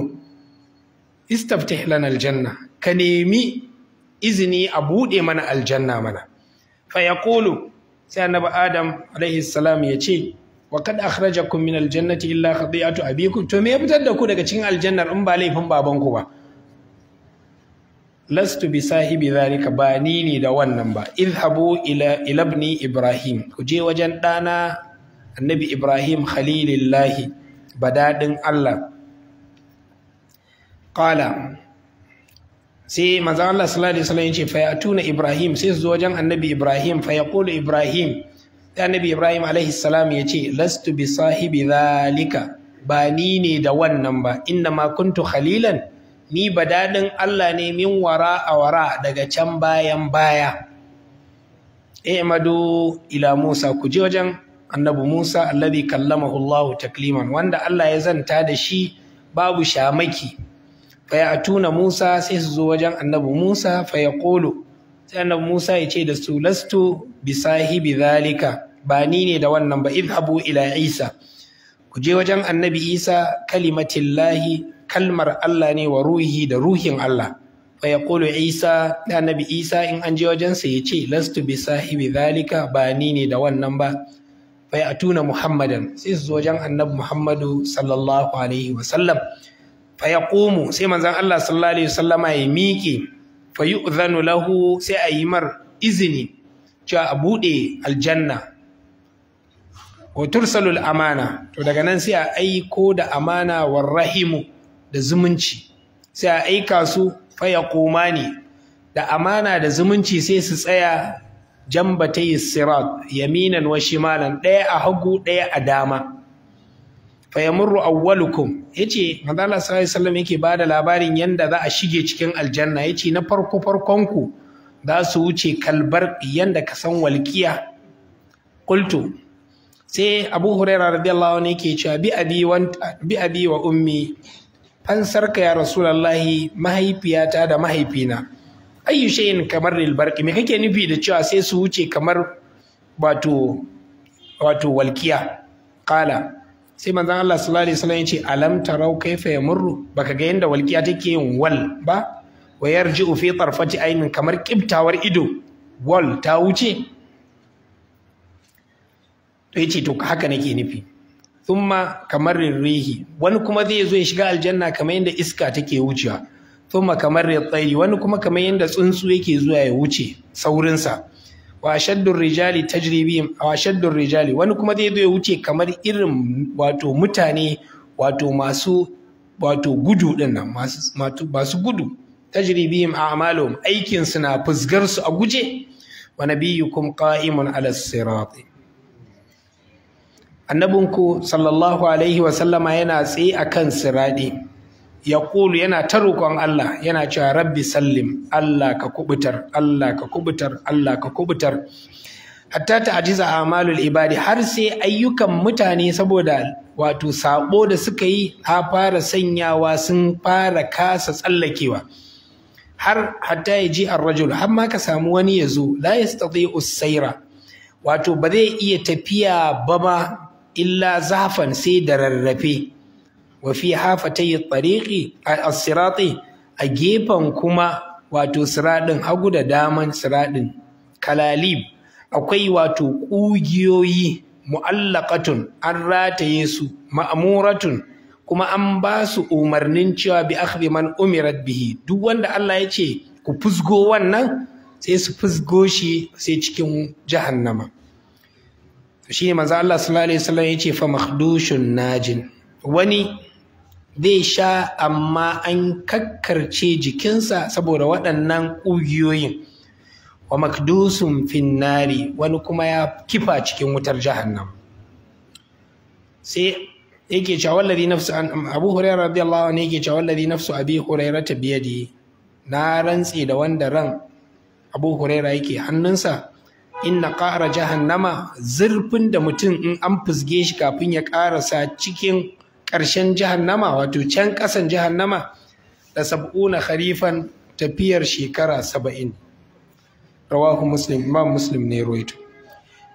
istaftih lana aljanna ka nemi izini a buɗe mana aljanna mana fa sai annabi adam alaihi salam ya ce wa kad akhrajakum min aljannati illa khati'atu abikum to me ya fitar da ku daga cikin aljannar in ba laifin babanku ba lastu bi sahibi zalika ba ni ne da wannan ba izhabu ila ilabni ibrahim ku je wajen ɗana annabi ibrahim khalilillahi badadin allah qala sai manzo Allah sallallahu alaihi wasallam yace fa tuna Ibrahim sai su zo wajen annabi Ibrahim fa yaqulu Ibrahim sai annabi Ibrahim alaihi salam yace lastu bi sahibi zalika ba ni ne da wannan ba inna ma kuntu khalilan ni badadin Allah ne min wara a wara daga can bayan baya madu ila Musa ku je wajen annabi Musa alladhi kallamahu Allah takliman wanda Allah ya zanta da shi babu shamaki fayatuna Musa sai su zo wajen annabi Musa fayaqulu sai annabi Musa ya ce da su lastu bisahibi zalika ba ni ne da wannan ba idhabu ila Isa ku je wajen annabi Isa kalimatillahi kalmar Allah ne wa ruhi da ruhin Allah fayaqulu Isa da annabi Isa in an je wajen sa ya ce lastu bisahibi zalika ba ni ne da wannan ba fayatuna Muhammadan sai su zo wajen annabi Muhammadu sallallahu alaihi wa sallam fa sai manzan Allah sallallahu alaihi wasallama ya miƙe fa lahu sai a yi mar izini cewa a buɗe aljanna wa tursalul amana to daga nan sai a aiko da amana war rahimu da zumunci sai a aika su fa ne da amana da zumunci sai su tsaya jambatai sirat yaminan wa shimalan ɗaya a hagu ɗaya a dama fa awwalukum yace manzo Allah sallallahu alaihi wasallam yake bada labarin yanda za a shige cikin aljanna yace na farko farkon ku za su wuce kalbar yanda ka san walqiya qultu sai Abu Huraira radiyallahu anhu yake cewa bi abi wa bi abi wa ummi sarka ya rasulullahi mahaifiyata da mahaifina ayyu shay'in kamar lil me kake nufi da cewa sai su wuce kamar wato wato walqiya qala sai manzan Allah sallallahu alaihi wasallam yace alam taraw kaifa yamurru baka ga yanda walqiya take yin wal ba wayarji'u fi tarfati aynin kamar kibtawar ido wal ta wuce to yace to haka nake nufi thumma kamar rihi wani kuma zai zo ya shiga aljanna kamar yadda iska take wucewa thumma kamar tsayi wani kuma kamar yanda tsuntsu yake zuwa ya wuce saurinsa wa shaddur rijali tajribihim wa rijali wani kuma zai zo ya wuce kamar irin wato mutane wato masu wato gudu din nan masu gudu tajribihim a'malum aikin su na fusgar su a guje wa nabiyyukum qa'imun ala sirat annabinku sallallahu alaihi wa sallama yana tsaye akan siradi yaqulu yana ta roƙon Allah yana cewa rabbi sallim Allah ka kubutar Allah ka kubutar Allah ka kubutar hatta ta ajiza amalul ibadi har sai ayyukan mutane saboda wato sabo da suka yi a fara sanyawa sun fara kasa tsallakewa har hatta ya ji ar-rajul har ma ka samu wani ya zo la yastati usaira wato ba zai iya tafiya ba ma illa zafan sai da rarrafe wa fi hafatayyi a as a gefen kuma wato siraɗin hagu da daman siraɗin kalalib akwai wato kugiyoyi mu'allaqatun an rataye su ma'amuratun, kuma an ba su umarnin cewa bi akhdi man umirat bihi duk wanda Allah ya ce ku fusgo wannan sai su fusgo shi sai cikin jahannama Shi ne maza Allah sallallahu alaihi wasallam ce fa makhdushun najin wani zai sha amma an kakkarce jikinsa saboda waɗannan ƙugiyoyin wa makdusun finnari wani kuma ya kifa cikin wutar jahannam sai yake cewa wallazi nafsu abu hurairah radiyallahu anhu yake cewa wallazi nafsu abi hurairah biyadi na rantsi da wanda ran abu hurairah yake hannunsa inna ƙara jahannama zurfin da mutum in an fusge shi kafin ya ƙarasa cikin ƙarshen jahannama wato can ƙasan nama da sab'una kharifan tafiyar shekara saba'in rawahu muslim imam muslim ne ruwaito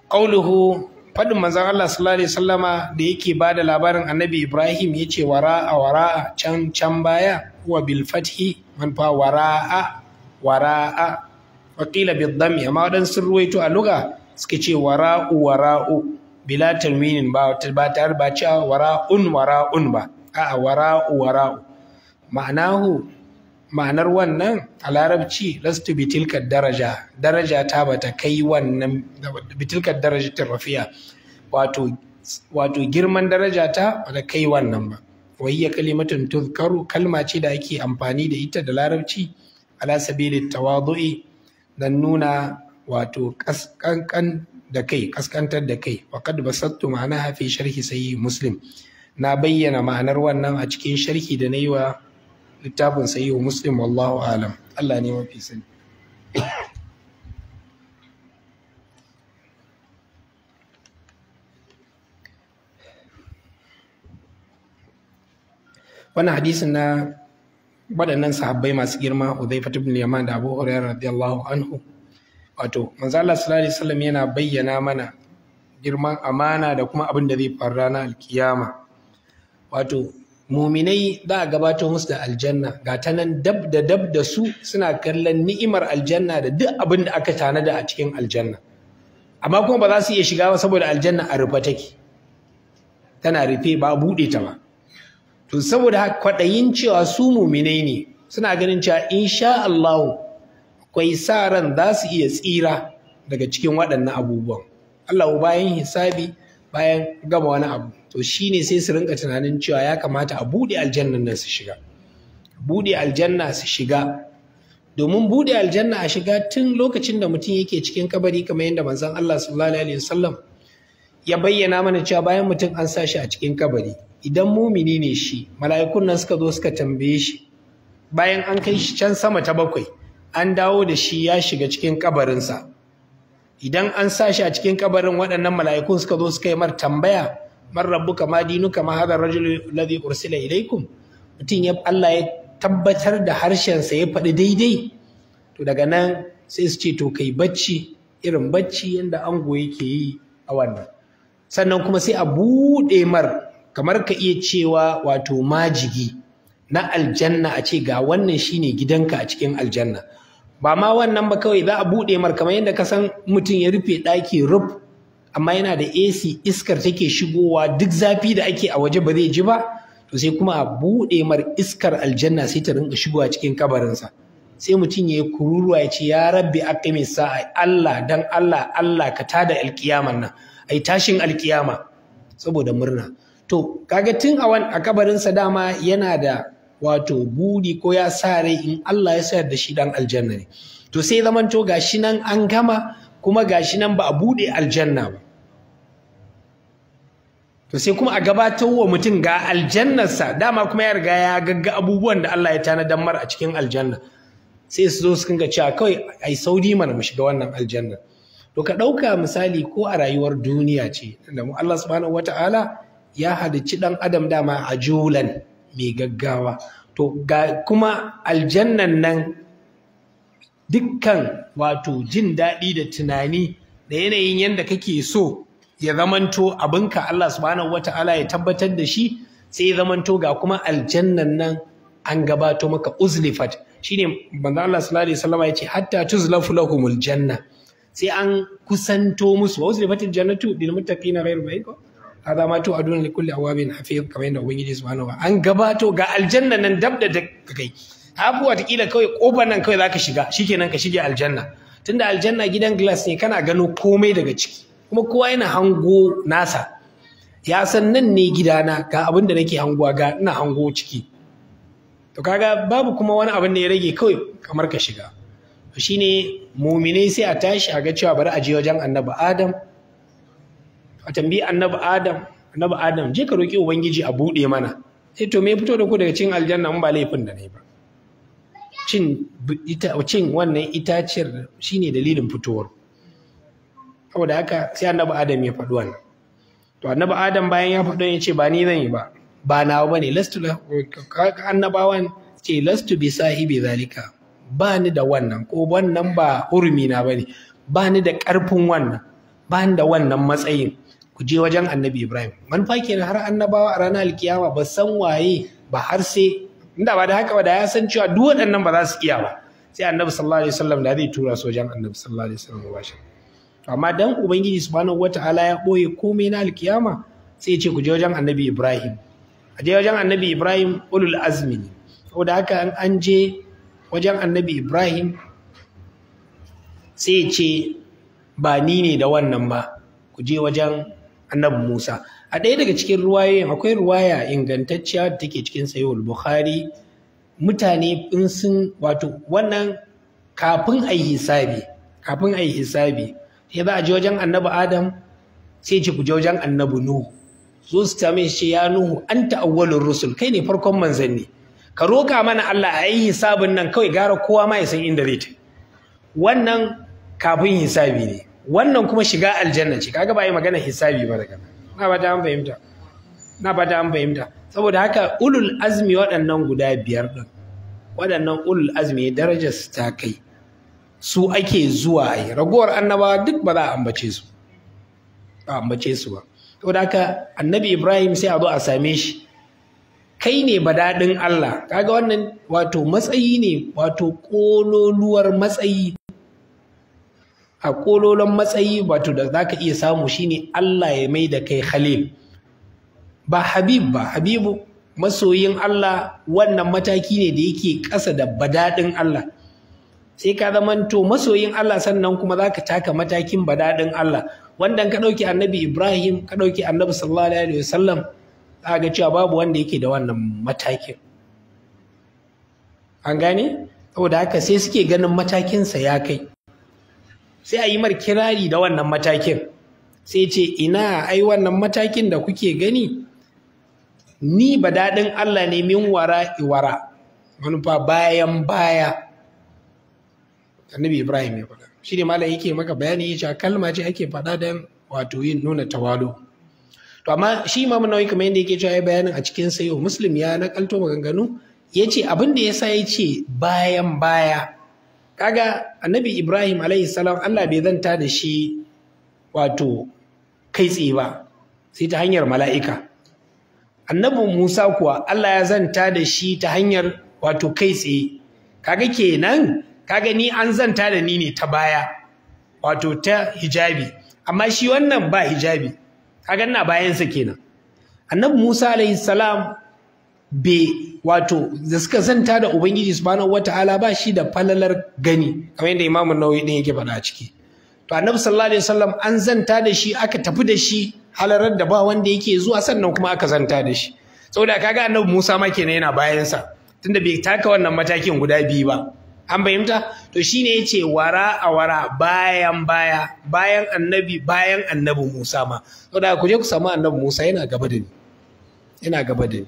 qauluhu faɗin manzon Allah sallallahu alaihi wasallama da yake ba da labarin annabi Ibrahim ya ce wara'a wara'a can can baya wa bil fathi man fa wara'a wara'a wa qila amma waɗansu sun ruwaito a luga suka ce wara'u wara'u bila tanwinin ba ba ta ba cewa wara'un wara'un ba a'a wara'u wara'u ma'anahu ma'anar wannan a larabci lastu bitilkar daraja daraja ta bata kai wannan bitilkar ta rafiya wato girman daraja ta bata kai wannan ba wayya kalimatun tuzkaru kalma ce da ake amfani da ita da larabci ala sabili tawadu'i dan nuna wato kaskankan da kai kaskantar da kai wa kad basattu ma'ana fi sharhi sai muslim na bayyana ma'anar wannan a cikin sharhi da na yi wa littafin sahih muslim wallahu alam Allah ne mafi sani wannan hadisin na waɗannan sahabbai masu girma Hudhaifah ibn Yaman da Abu Hurairah radiyallahu anhu wato manzo Allah sallallahu yana bayyana mana girman amana da kuma abin da zai faru ranar alkiyama wato muminai za a gabatar musu da aljanna ga ta nan dab da dab da su suna kallon ni'imar aljanna da duk abin da aka tanada a cikin aljanna amma kuma ba za su iya shiga ba saboda aljanna a rufe take tana rufe ba a buɗe ta ba to saboda kwaɗayin cewa su muminai ne suna ganin cewa insha Allah akwai sa ran za su iya tsira daga cikin waɗannan abubuwan Allah bayan hisabi bayan gama wani abu to ne sai su rinka tunanin cewa ya kamata a buɗe aljanna nan su shiga buɗe aljanna su shiga domin buɗe aljanna a shiga tun lokacin da mutum yake cikin kabari kamar yadda manzon Allah sallallahu alaihi wasallam ya bayyana mana cewa bayan mutum an sa shi a cikin kabari idan mumini ne shi mala'ikun nan suka zo suka tambaye shi bayan an kai shi can sama ta bakwai an dawo da shi ya shiga cikin kabarinsa idan an sa shi a cikin kabarin waɗannan mala'ikun suka zo suka yi mar tambaya mar rabbuka ma dinuka ma hadha rajul ladhi ursila ilaykum mutum ya Allah ya tabbatar da harshen sa ya faɗi daidai to daga nan sai su ce to kai bacci irin bacci yanda ango yake yi a wannan sannan kuma sai a buɗe mar kamar ka iya cewa wato majigi na aljanna a ce ga wannan shine gidanka a cikin aljanna ba ma wannan ba kawai za a buɗe mar kamar yadda ka san mutum ya rufe ɗaki rub amma yana da AC iskar take shigowa duk zafi da ake a waje ba zai ji ba to sai kuma a buɗe mar iskar aljanna sai ta rinka shigowa cikin kabarinsa sai mutum ya yi kururuwa ya ce ya rabbi aqimi sa'a Allah dan Allah Allah ka tada alkiyaman nan ai tashin alkiyama saboda murna to kaga tun a kabarinsa dama yana da wato buri ko ya sa rai in Allah ya sayar da shi dan aljanna ne to sai zamanto gashi nan an gama kuma gashi nan ba a bude aljanna ba to sai kuma a gabatar wa mutum ga aljannarsa dama kuma ya riga ya gagga abubuwan da Allah ya tanadar mar a cikin aljanna sai su zo su kinga cewa kawai ai saudi mana mu shiga wannan aljanna to ka ɗauka misali ko a rayuwar duniya ce da Allah subhanahu wata'ala ya halicci ɗan adam dama a julan mai gaggawa to ga kuma aljannan nan dukkan wato jin daɗi da tunani da yanayin yadda kake so ya zamanto abinka Allah subhanahu wata'ala ya tabbatar da shi sai ya zamanto ga kuma aljannan nan an gabato maka uzlifat shine banza Allah sallallahu alaihi wasallam ya ce hatta tuzlafu lahumul janna sai an kusanto musu wa uzlifatil jannatu lil muttaqina ghayr ba'id hada ma to aduna li kulli awabin hafiz kamar yadda ubangiji subhanahu wa an gabato ga aljanna nan dab da kai abuwa ta kila kawai kofar nan kawai zaka shiga shikenan ka shige aljanna tunda aljanna gidan glass ne kana gano komai daga ciki kuma kowa yana hango nasa ya san nan ne gidana ga abinda nake hangowa ga ina hango ciki to kaga babu kuma wani abin da ya rage kawai kamar ka shiga to shine muminai sai a tashi a ga cewa bari a je wajen annabi adam a tambi annabi adam annabi adam je ka roki ubangiji a buɗe mana sai eh, to me fito da ku daga cin aljanna mun ba laifin da nayi ba cin ita cin wannan itaciyar shine dalilin fitowar saboda haka sai annabi adam ya faɗi wannan to annabi adam bayan ya faɗi ya ce ba ni zan yi ba ba nawa bane lastu annabawan ce lastu bi sahibi zalika ba ni da wannan ko wannan ba hurumi na bane ba ni da ƙarfin wannan ba ni da wannan matsayin ku je wajen annabi ibrahim manufa kenan har annabawa a ranar alkiyama ba san waye ba har sai inda ba da haka ba da ya san cewa duk waɗannan ba za su iya ba sai annabi sallallahu alaihi wasallam da zai tura su wajen annabi sallallahu alaihi wasallam ba shi amma dan ubangiji subhanahu wataala ya boye komai na alkiyama sai ya ce ku je wajen annabi ibrahim a je wajen annabi ibrahim ulul azmi ne saboda haka an je wajen annabi ibrahim sai ya ce ba ni ne da wannan ba ku je wajen annabi Musa a ɗaya daga cikin ruwayoyin akwai ruwaya ingantacciya da take cikin sayowar Bukhari mutane in sun wato wannan kafin a yi hisabi kafin a hisabi ya za a wajen annabi Adam sai ci ku wajen annabi Nuhu zo su shi ya Nuhu anta awwalur rusul kai ne farkon manzanni ka roka mana Allah a yi hisabin nan kawai gara kowa ma ya san inda zai wannan kafin hisabi ne wannan kuma shiga aljanna ce kaga ba yi magana hisabi ba daga na ba da an fahimta na ba da an fahimta saboda haka ulul azmi waɗannan guda biyar ɗin waɗannan ulul azmi darajar su ta kai su ake zuwa yi ragowar annabawa duk ba za a ambace su ba ambace su ba saboda haka annabi ibrahim sai a zo a same shi kai ne badaɗin allah kaga wannan wato matsayi ne wato ƙololuwar matsayi a kololon matsayi wato da za ka iya samu shi ne Allah ya mai da kai khalil ba habib ba habibu masoyin Allah wannan mataki ne da yake ƙasa da badaɗin Allah sai ka zamanto masoyin Allah sannan kuma za ka taka matakin badaɗin Allah wanda ka ɗauki annabi Ibrahim ka ɗauki annabi sallallahu alaihi wasallam za ga cewa babu wanda yake da wannan matakin an gane saboda haka sai suke ganin matakinsa ya kai sai a yi mar kirari da wannan matakin sai ce ina ai wannan matakin da kuke gani ni ba daɗin Allah ne min wara iwara manufa bayan baya annabi Ibrahim ya faɗa shi ne malam yake maka bayani ya kalma ce ake faɗa don wato yin nuna tawalo to amma shi ma mun nauyi kamar yadda yake cewa bayanin a cikin sayo Muslim ya nakalto maganganu yace abin da ya ce bayan baya kaga annabi ibrahim alaihi salam allah bai zanta da shi wato kai tsaye ba sai ta hanyar mala'ika annabi musa kuwa allah ya zanta da shi ta hanyar wato kai tsaye kaga kenan kaga ni an zanta da ni ne ta baya wato ta hijabi amma shi wannan ba hijabi kaga na bayansa kenan annabi musa alaihi salam bai wato da suka zanta da ubangiji subhanahu wataala ba shi da falalar gani kamar yadda imamu nawawi din yake faɗa a ciki to annabi sallallahu alaihi wasallam an zanta da shi aka tafi da shi halarar da ba wanda yake zuwa sannan kuma aka zanta da shi saboda kaga annabi Musa ma kenan yana bayansa tunda bai taka wannan matakin guda biyu ba an fahimta to shine yace wara a wara bayan baya bayan annabi bayan annabi Musa ma saboda ku je ku samu annabi Musa yana gaba da ni yana gaba da ni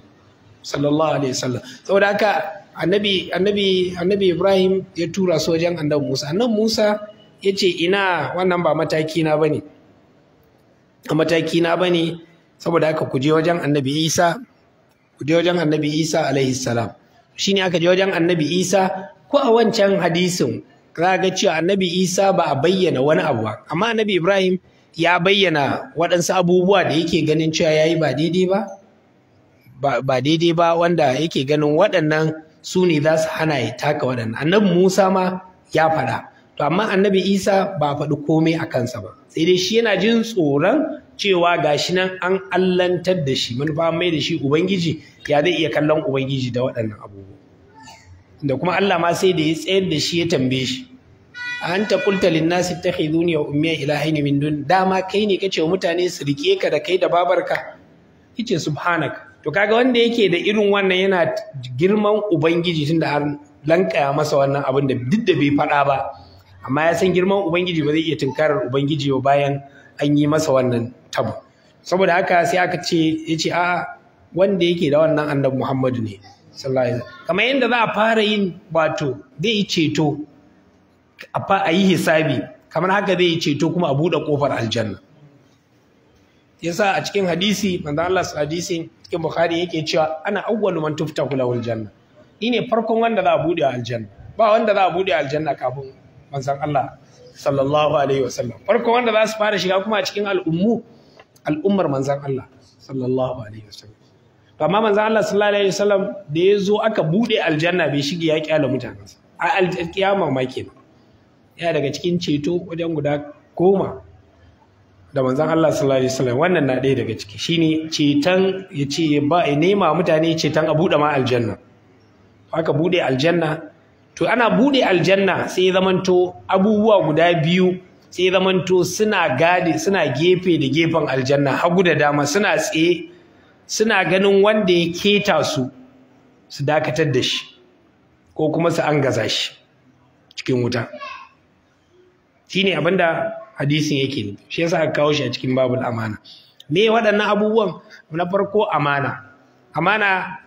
sallallahu alaihi wasallam saboda haka annabi annabi annabi Ibrahim ya tura su wajen annabi Musa annabi Musa ya ce ina wannan ba mataki na bane a mataki na bane saboda haka ku je wajen annabi Isa ku je wajen annabi Isa alaihi salam shine aka je wajen annabi Isa ko a wancan hadisin za ga cewa annabi Isa ba a bayyana wani abu ba amma annabi Ibrahim ya bayyana waɗansu abubuwa da yake ganin cewa ya yi ba daidai ba ba daidai ba wanda yake ganin waɗannan su ne za su hana ya taka waɗannan annabi musa ma ya faɗa to amma annabi isa ba faɗi komai a kansa ba sai dai shi yana jin tsoron cewa ga shi nan an allantar da shi manufa mai da shi ubangiji ya zai iya kallon ubangiji da waɗannan abubuwa da kuma allah ma sai da ya tsayar da shi ya tambaye shi an ta kulta linnasi ta duniya wa ummiya ilahaini min dun dama kai ne kace wa mutane su rike ka da kai da babarka yace subhanaka to kaga wanda yake da irin wannan yana girman ubangiji tunda har lankaya masa wannan abin da duk da bai faɗa ba amma ya san girman ubangiji ba zai iya tunkarar ubangiji ba bayan an yi masa wannan tabu saboda haka sai aka ce ya ce a wanda yake da wannan annabi muhammadu ne sallallahu kamar yadda za a fara yin wato zai yi ceto a yi hisabi kamar haka zai yi ceto kuma a buɗe ƙofar aljanna yasa a cikin hadisi manzo Allah hadisi cikin bukhari yake cewa ana awwalu man tuftahu lahul janna ni ne farkon wanda za a bude aljanna ba wanda za a bude aljanna kafin manzon Allah sallallahu alaihi wasallam farkon wanda za su fara shiga kuma a cikin al'ummu al'ummar manzon Allah sallallahu alaihi wasallam to amma manzon Allah sallallahu alaihi wasallam da ya zo aka bude aljanna bai shige ya kyala mutanensa a alkiyama ma kenan ya daga cikin ceto wajen guda goma da manzon Allah sallallahu alaihi wasallam wannan na ɗaya daga ciki shine cetan ya ce ba ya nema mutane cetan a buɗe ma aljanna aka buɗe aljanna to ana buɗe aljanna sai zamanto abubuwa guda biyu sai zamanto suna gadi suna gefe da gefen aljanna hagu da dama suna tsaye suna ganin wanda ya keta su su dakatar da shi ko kuma su angaza shi cikin wuta shine abinda hadisin yake ne shi yasa aka kawo shi a cikin babul amana me waɗannan abubuwan na farko amana amana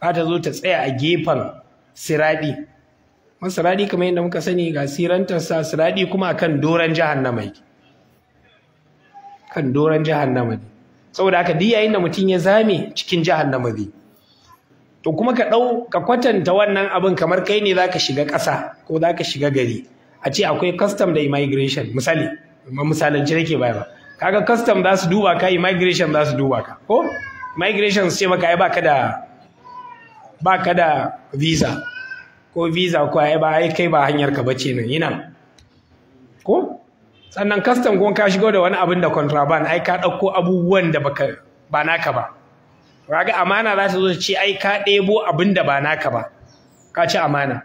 ba ta zo ta tsaya a gefen siradi masiradi kamar yadda muka sani ga sa siradi kuma kan doron jahannama yake kan doron jahannama ne saboda haka duk yayin da mutum ya zame cikin jahannama zai to kuma ka ɗau ka kwatanta wannan abin kamar kai ne zaka shiga ƙasa ko zaka shiga gari a ce akwai custom da immigration misali misalanci nake bayarwa kaga custom za su duba ka immigration za su duba ka ko immigration su ce maka ai baka da baka da visa ko visa ko ai ba ai kai ba hanyar ka bace nan yana ko sannan custom ko ka shigo da wani abin da contraband ai ka dauko abubuwan da baka ba naka ba kaga amana za ta zo ce ai ka ɗebo abin da ba naka ba ka ci amana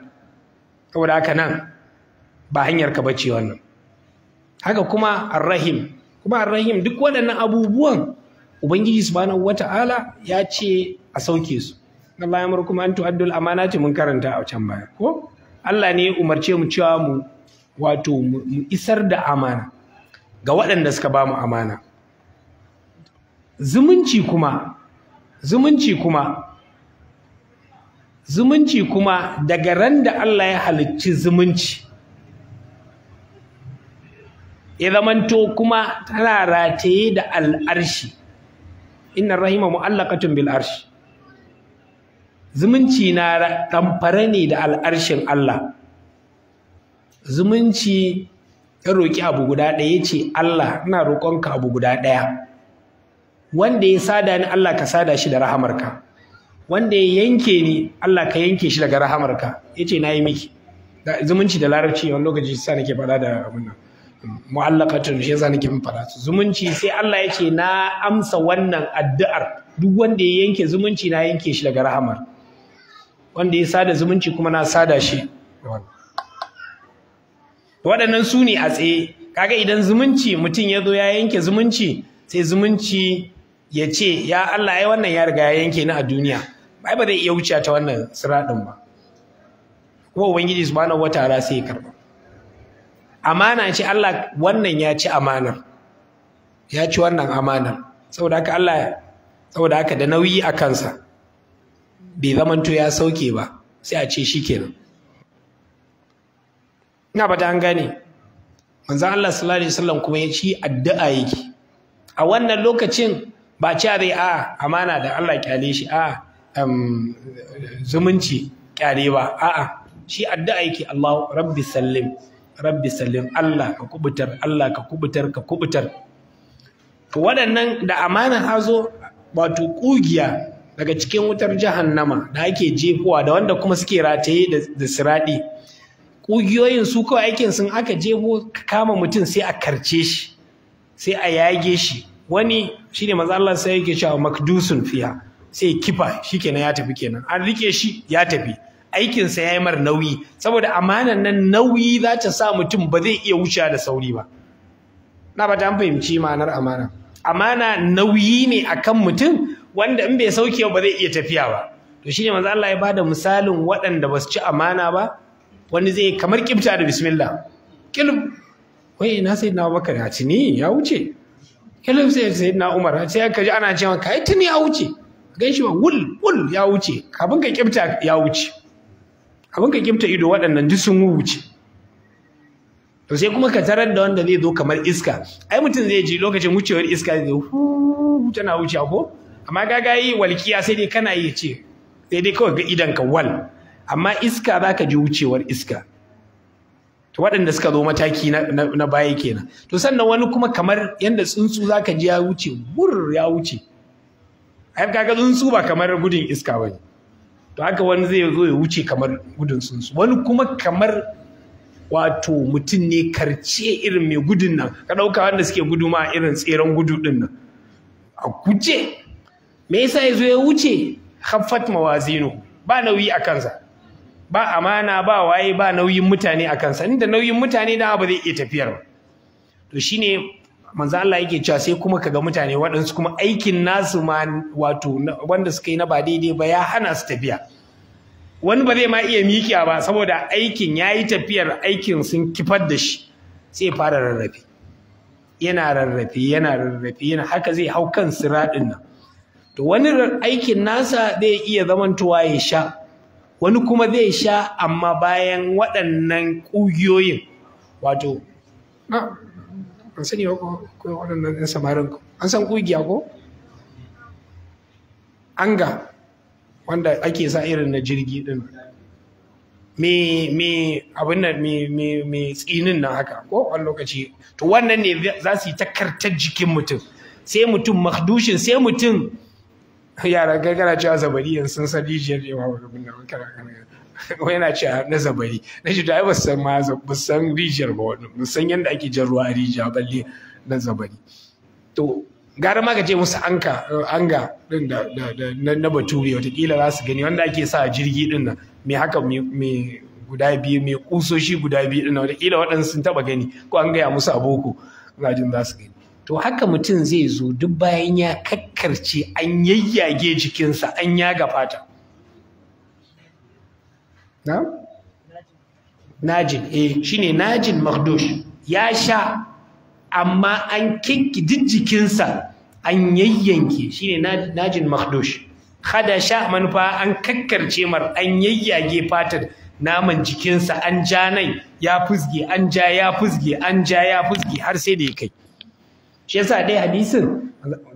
saboda haka nan ba hanyar ka bace wannan haka kuma arrahim kuma arrahim duk waɗannan abubuwan ubangiji subhanahu wata'ala ya ce a sauke su Allah ya murku kuma an tu'addul amanati mun karanta a can baya ko Allah ne ya umarce mu cewa mu wato mu isar da amana ga waɗanda suka ba mu amana zumunci kuma zumunci kuma zumunci kuma daga ran da Allah ya halicci zumunci ya zamanto kuma tana rataye da al'arshi inna rahima mu'allaqatun bil arshi zumunci na ɗamfare ne da al'arshin Allah zumunci ya roƙi abu guda ɗaya ce Allah ina roƙonka abu guda ɗaya wanda ya sada ni Allah ka sada shi da rahamarka wanda ya yanke ni Allah ka yanke shi daga rahamarka na yi miki zumunci da larabci wani lokaci sa nake faɗa da abin nan mu'allaqatun shi yasa nake min fara zumunci sai Allah ya ce na amsa wannan addu'ar duk wanda ya yanke zumunci na yanke shi daga rahamar wanda ya sada zumunci kuma na sada shi waɗannan su ne a tsaye kaga idan zumunci mutum ya zo ya yanke zumunci sai zumunci ya ce ya Allah ai wannan ya riga ya yanke ni a duniya ai ba zai iya wuce ta wannan sira ba kuma ubangiji subhanahu wataala sai ya karɓa. amana ce Allah wannan ya ci amanar ya ci wannan amanar saboda haka Allah saboda haka da nauyi a kansa bai zamanto ya sauke ba sai a ce shi kenan. ina ba ta an gane manzan Allah sallallahu alaihi wasallam kuma ya ci addu'a yake a wannan lokacin ba ce zai a amana da Allah kyale shi a zumunci kyale ba a'a shi addu'a yake Allah rabbi sallim rabbi sallin, Allah ka kubutar Allah ka kubutar ka kubutar to waɗannan da amana hazo wato kugiya daga cikin wutar jahannama da ake jefuwa da wanda kuma suke rataye da siraɗi ƙugiyoyin su kawai aikin sun aka jefo kama mutum sai a karce shi sai a yage shi wani shine matsalar Allah sai yake cewa makdusun fiya sai kifa shikenan ya tafi kenan an rike shi ya tafi aikinsa ya yi mar nauyi saboda amanan nan nauyi za ta sa mutum ba zai iya wuce da sauri ba na ba ta fahimci ma'anar amana amana nauyi ne akan mutum wanda in bai sauke ba zai iya tafiya ba to shine manzo Allah ya da misalin waɗanda ba su ci amana ba wani zai kamar kibta da bismillah wai na sai na bakar ya ci ya wuce sai na umar sai ka ana cewa kai tuni ya wuce gan shi ba wul wul ya wuce kafin ka kibta ya wuce abin ka kimta ido waɗannan duk sun wuce to sai kuma ka tarar da wanda zai zo kamar iska ai mutum zai ji lokacin wucewar iska zai hu tana wuce ko amma gaga yi walkiya sai dai kana yi ce sai dai kawai ga idan ka wal amma iska za ka ji wucewar iska to waɗanda suka zo mataki na baya kenan to sannan wani kuma kamar yadda tsuntsu za ka ji ya wuce wur ya wuce ai kaga tsuntsu ba kamar gudun iska ba ne to haka wani zai zo ya wuce kamar gudun su wani kuma kamar wato mutum ne karce irin mai gudun nan ka ɗauka wanda suke gudu ma irin tseren gudu ɗin nan a kuce me yasa ya zo ya wuce haffat mawazinu ba nauyi a kansa ba amana ba waye ba nauyin mutane a kansa inda nauyin mutane da ba zai iya tafiyar ba to shine manzo Allah yake cewa sai kuma kaga mutane waɗansu kuma aikin nasu ma wato wanda suka yi na ba daidai ba ya hana su tafiya wani ba zai ma iya mikiya ba saboda aikin ya yi tafiyar aikin sun kifar da shi sai fara rarrafe yana rarrafe yana rarrafe yana haka zai hau kan siraɗin nan to wani aikin nasa zai iya zamantowa ya sha wani kuma zai sha amma bayan waɗannan ƙugiyoyin wato an sani ba ko waɗannan ɗan samarin an san ƙugiya ko anga wanda ake sa irin na jirgi ɗin me abin nan me tsinin na haka ko wani lokaci to wannan ne za su yi takartar jikin mutum sai mutum makdushin sai mutum yara gargara cewa zabariyan sun san rijiyar yawa wani abin da kuma yana ce na zabari na shi to basu san ma san rijiyar ba wani ba san yadda ake jan ruwa a rijiya balle na zabari to gara ma ka ce musu anka anga din da na bature watakila za su gani wanda ake sa jirgi din nan me haka me guda biyu me kusoshi guda biyu din nan watakila waɗansu sun taɓa gani ko an gaya musu aboko ina jin za su gani to haka mutum zai zo duk bayan ya kakkarce an yayyage jikinsa an yaga fata na? najin eh shine najin makhdush ya sha amma an kinki jijjikinsa an yayyanke shine najin Kada sha manufa an kakkarce mar an yayyage fatar naman jikinsa an ja nai ya fusge an ja ya fusge an ja ya fusge har sai da ya kai shi yasa dai hadisin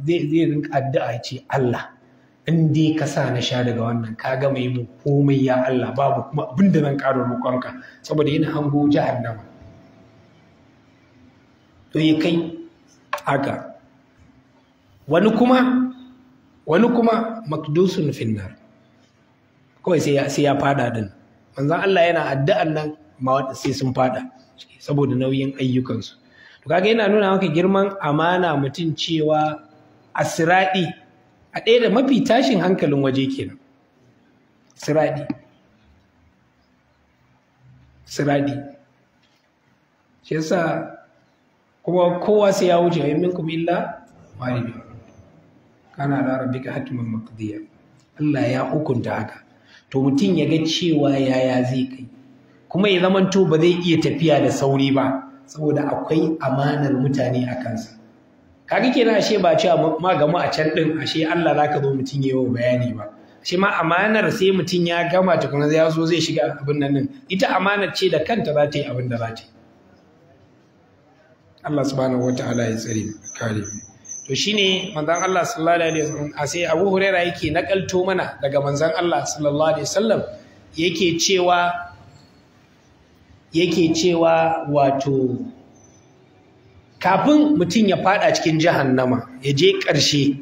zai rinka addu'a ce Allah in dai ka sa na sha daga wannan ka gama yi mun komai ya Allah babu kuma abin da zan karo roƙonka saboda yana hango jahannama to ya kai haka wani kuma wani kuma makdusun finnar kawai sai ya sai fada din manzon Allah yana addu'an nan ma wanda sai sun fada saboda nauyin ayyukansu to kaga yana nuna maka girman amana mutum cewa asra'i a ɗaya da mafi tashin hankalin waje kenan siradi siradi shi yasa kuma kowa sai ya wuce yayin minkum illa walidi kana da rabbika hatman maqdiya Allah ya hukunta haka to mutum ya ga cewa yaya zai kai kuma ya zamanto ba zai iya tafiya da sauri ba saboda akwai amanar mutane a kansa kaga kenan ashe ba cewa ma gamu a can din ashe Allah zaka zo mutun yayi bayani ba shi ma amanar sai mutun ya gama kuma zai zo zai shiga abin nan din ita amanar ce da kanta za ta yi abin da za ta yi Allah subhanahu wataala ya tsare kare to shine manzon Allah sallallahu alaihi wasallam sai Abu Hurairah yake nakalto mana daga manzon Allah sallallahu alaihi wasallam yake cewa yake cewa wato kafin mutum ya fada cikin jahannama ya je ƙarshe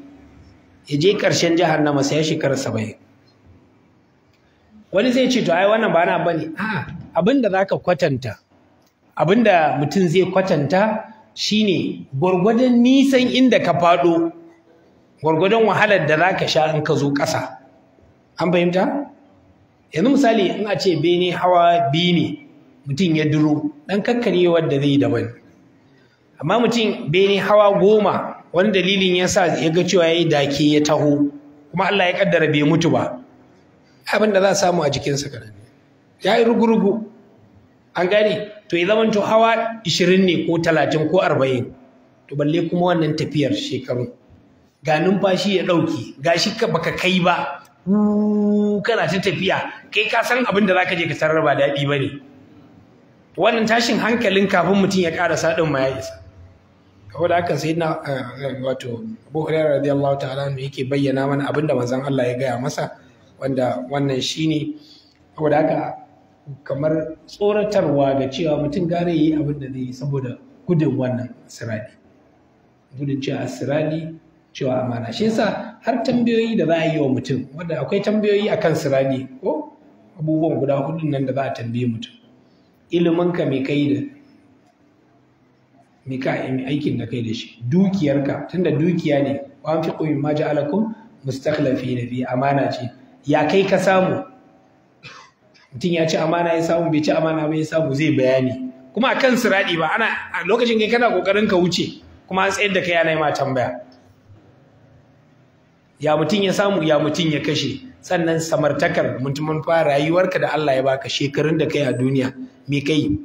ya je ƙarshen jahannama sai ya shekara saba'in wani zai ce to ai wannan ba na bane a abin da zaka kwatanta abin da mutum zai kwatanta shine gwargwadon nisan inda ka fado gwargwadon wahalar da zaka sha in ka zo ƙasa an fahimta yanzu misali in a ce bene hawa biyu ne mutum ya duro dan kakkarewar da zai daban amma mutum bene hawa goma wani dalilin ya sa ya ga cewa ya yi dake ya taho kuma Allah ya kaddara bai mutu ba abin da za a samu a jikinsa kanan ya yi rugurugu an gane to ya zamanto hawa 20 ne ko 30 ko 40 to balle kuma wannan tafiyar shekaru ga numfashi ya ɗauki ga shi baka kai ba kana ta tafiya kai ka san abin da zaka je ka tarar ba daɗi ba ne wannan tashin hankalin kafin mutum ya ƙara saɗin ma ya isa wadda haka sai na eh, eh, wato abu hurairah radiyallahu ta'ala anhu yake bayyana mana abin da manzan Allah ya gaya masa wanda wannan shi shine wadda haka kamar tsoratarwa ga cewa mutum gane yi abin da zai yi saboda gudun wannan sirani gudun cewa sirani cewa amana shi yasa har tambayoyi da za a yi wa mutum wanda akwai tambayoyi akan sirani ko abubuwan guda hudun nan da za a tambaye mutum ilimin ka me kai da me ka aikin da kai da shi dukiyarka tunda dukiya ne wa fi qawmin ma ja'alakum da fi amana ce ya kai ka samu mutum ya ci amana ya samu bai ci amana ba samu zai bayani kuma a kan siraɗi ba ana a lokacin kai kana kokarin ka wuce kuma an tsayar da kai yana ma tambaya ya mutum ya samu ya mutum ya kashe sannan samartakar mutumin fara rayuwarka da Allah ya baka shekarun da kai a duniya me kai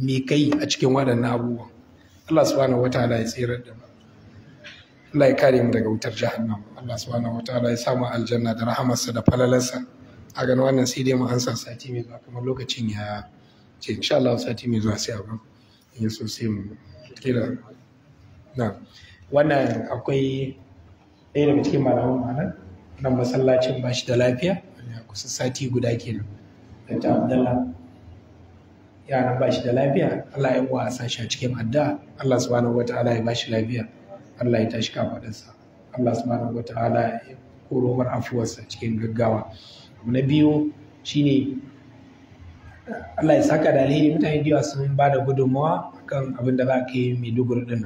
me kai a cikin waɗannan abubuwan Allah subhanahu wataala ya tsirar da mu Allah ya kare mu daga wutar jahannam Allah subhanahu wataala ya samu aljanna da rahamarsa da falalarsa a ganin wannan sai dai mu sati mai zuwa kamar lokacin ya ce insha Allah sati mai zuwa sai abu ya so sai mu kira na wannan akwai ɗaya daga cikin malaman malam nan masallacin ba shi da lafiya kusa sati guda kenan da ta Abdallah yaran ba shi da lafiya Allah ya wa sashi a cikin addu'a Allah subhanahu ala ya ba shi lafiya Allah ya tashi kafadarsa Allah subhanahu ya koro mar afuwarsa cikin gaggawa abu na biyu shine Allah ya saka da alheri mutane da yawa sun ba da gudunmawa kan abin da za ka yi mai dubur din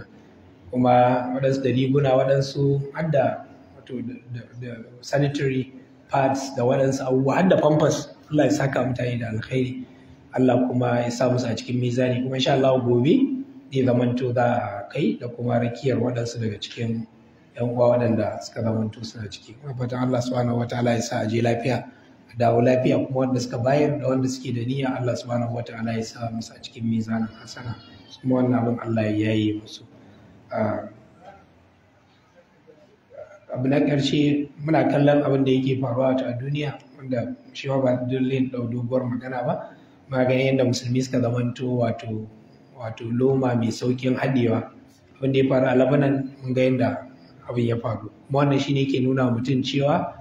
kuma waɗansu da riguna waɗansu hadda da wato da sanitary pads da waɗansu abubuwa hadda pampers Allah ya saka mutane da alkhairi Allah kuma ya sa musu a cikin mizani kuma insha Allah gobe zai zamanto za a kai da kuma rakiyar waɗansu daga cikin yan uwa waɗanda suka zamanto suna ciki kuma fatan Allah subhanahu wataala ya sa a je lafiya a dawo lafiya kuma wanda suka bayar da wanda suke da niyya Allah subhanahu wataala ya sa musu a cikin mizanin hasana kuma wannan abin Allah ya yi musu abu na ƙarshe muna kallon abin da yake faruwa a duniya wanda shi ba dole ɗau doguwar magana ba ka ga yadda musulmi suka zamanto wato wato loma mai saukin haɗewa wanda ya faru a labanan mun ga yadda abin ya faru kuma wannan shine ke nuna mutum cewa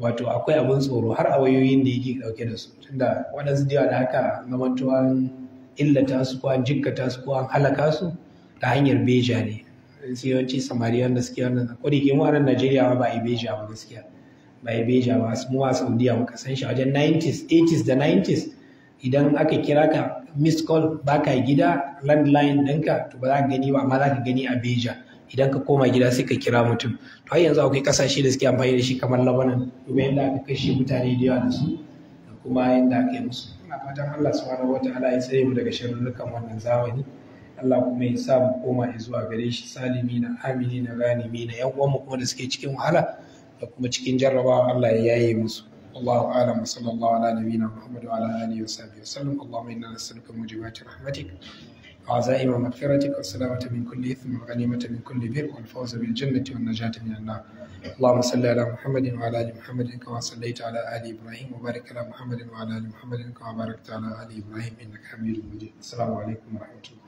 wato akwai abin tsoro har a wayoyin da yake dauke da su tunda waɗansu da da haka zamanto an illata su ko an jikkata su ko an halaka su ta hanyar beja ne sai yawanci samariya da suke wannan ko da ke mu a Najeriya ba a yi beja ba gaskiya ba a yi beja ba mu a Saudiya muka san shi a wajen 90s 80s da 90s idan aka kira ka miss call baka gida landline ɗinka to ba za ka gani ba amma za ka gani a beja idan ka koma gida sai ka kira mutum to har yanzu akwai kasashe da suke amfani da shi kamar labanan domin yadda aka kashe mutane da yawa da su da kuma yadda aka yi musu ina fatan Allah subhanahu wataala ya tsare mu daga sharrukan wannan zamani Allah kuma ya sa mu koma zuwa gare shi salimi na amini na ganimi na yan uwanmu kuma da suke cikin wahala da kuma cikin jarrabawa Allah ya yaye musu والله أعلم وصلى الله على نبينا محمد وعلى آله وصحبه وسلم اللهم إنا نسألك موجبات رحمتك وعزائم مغفرتك والسلامة من كل إثم والغنيمة من كل بر والفوز بالجنة والنجاة من النار اللهم صل على محمد وعلى آل محمد كما صليت على آل إبراهيم وبارك على محمد وعلى آل محمد كما باركت على آل إبراهيم إنك حميد مجيد السلام عليكم ورحمة الله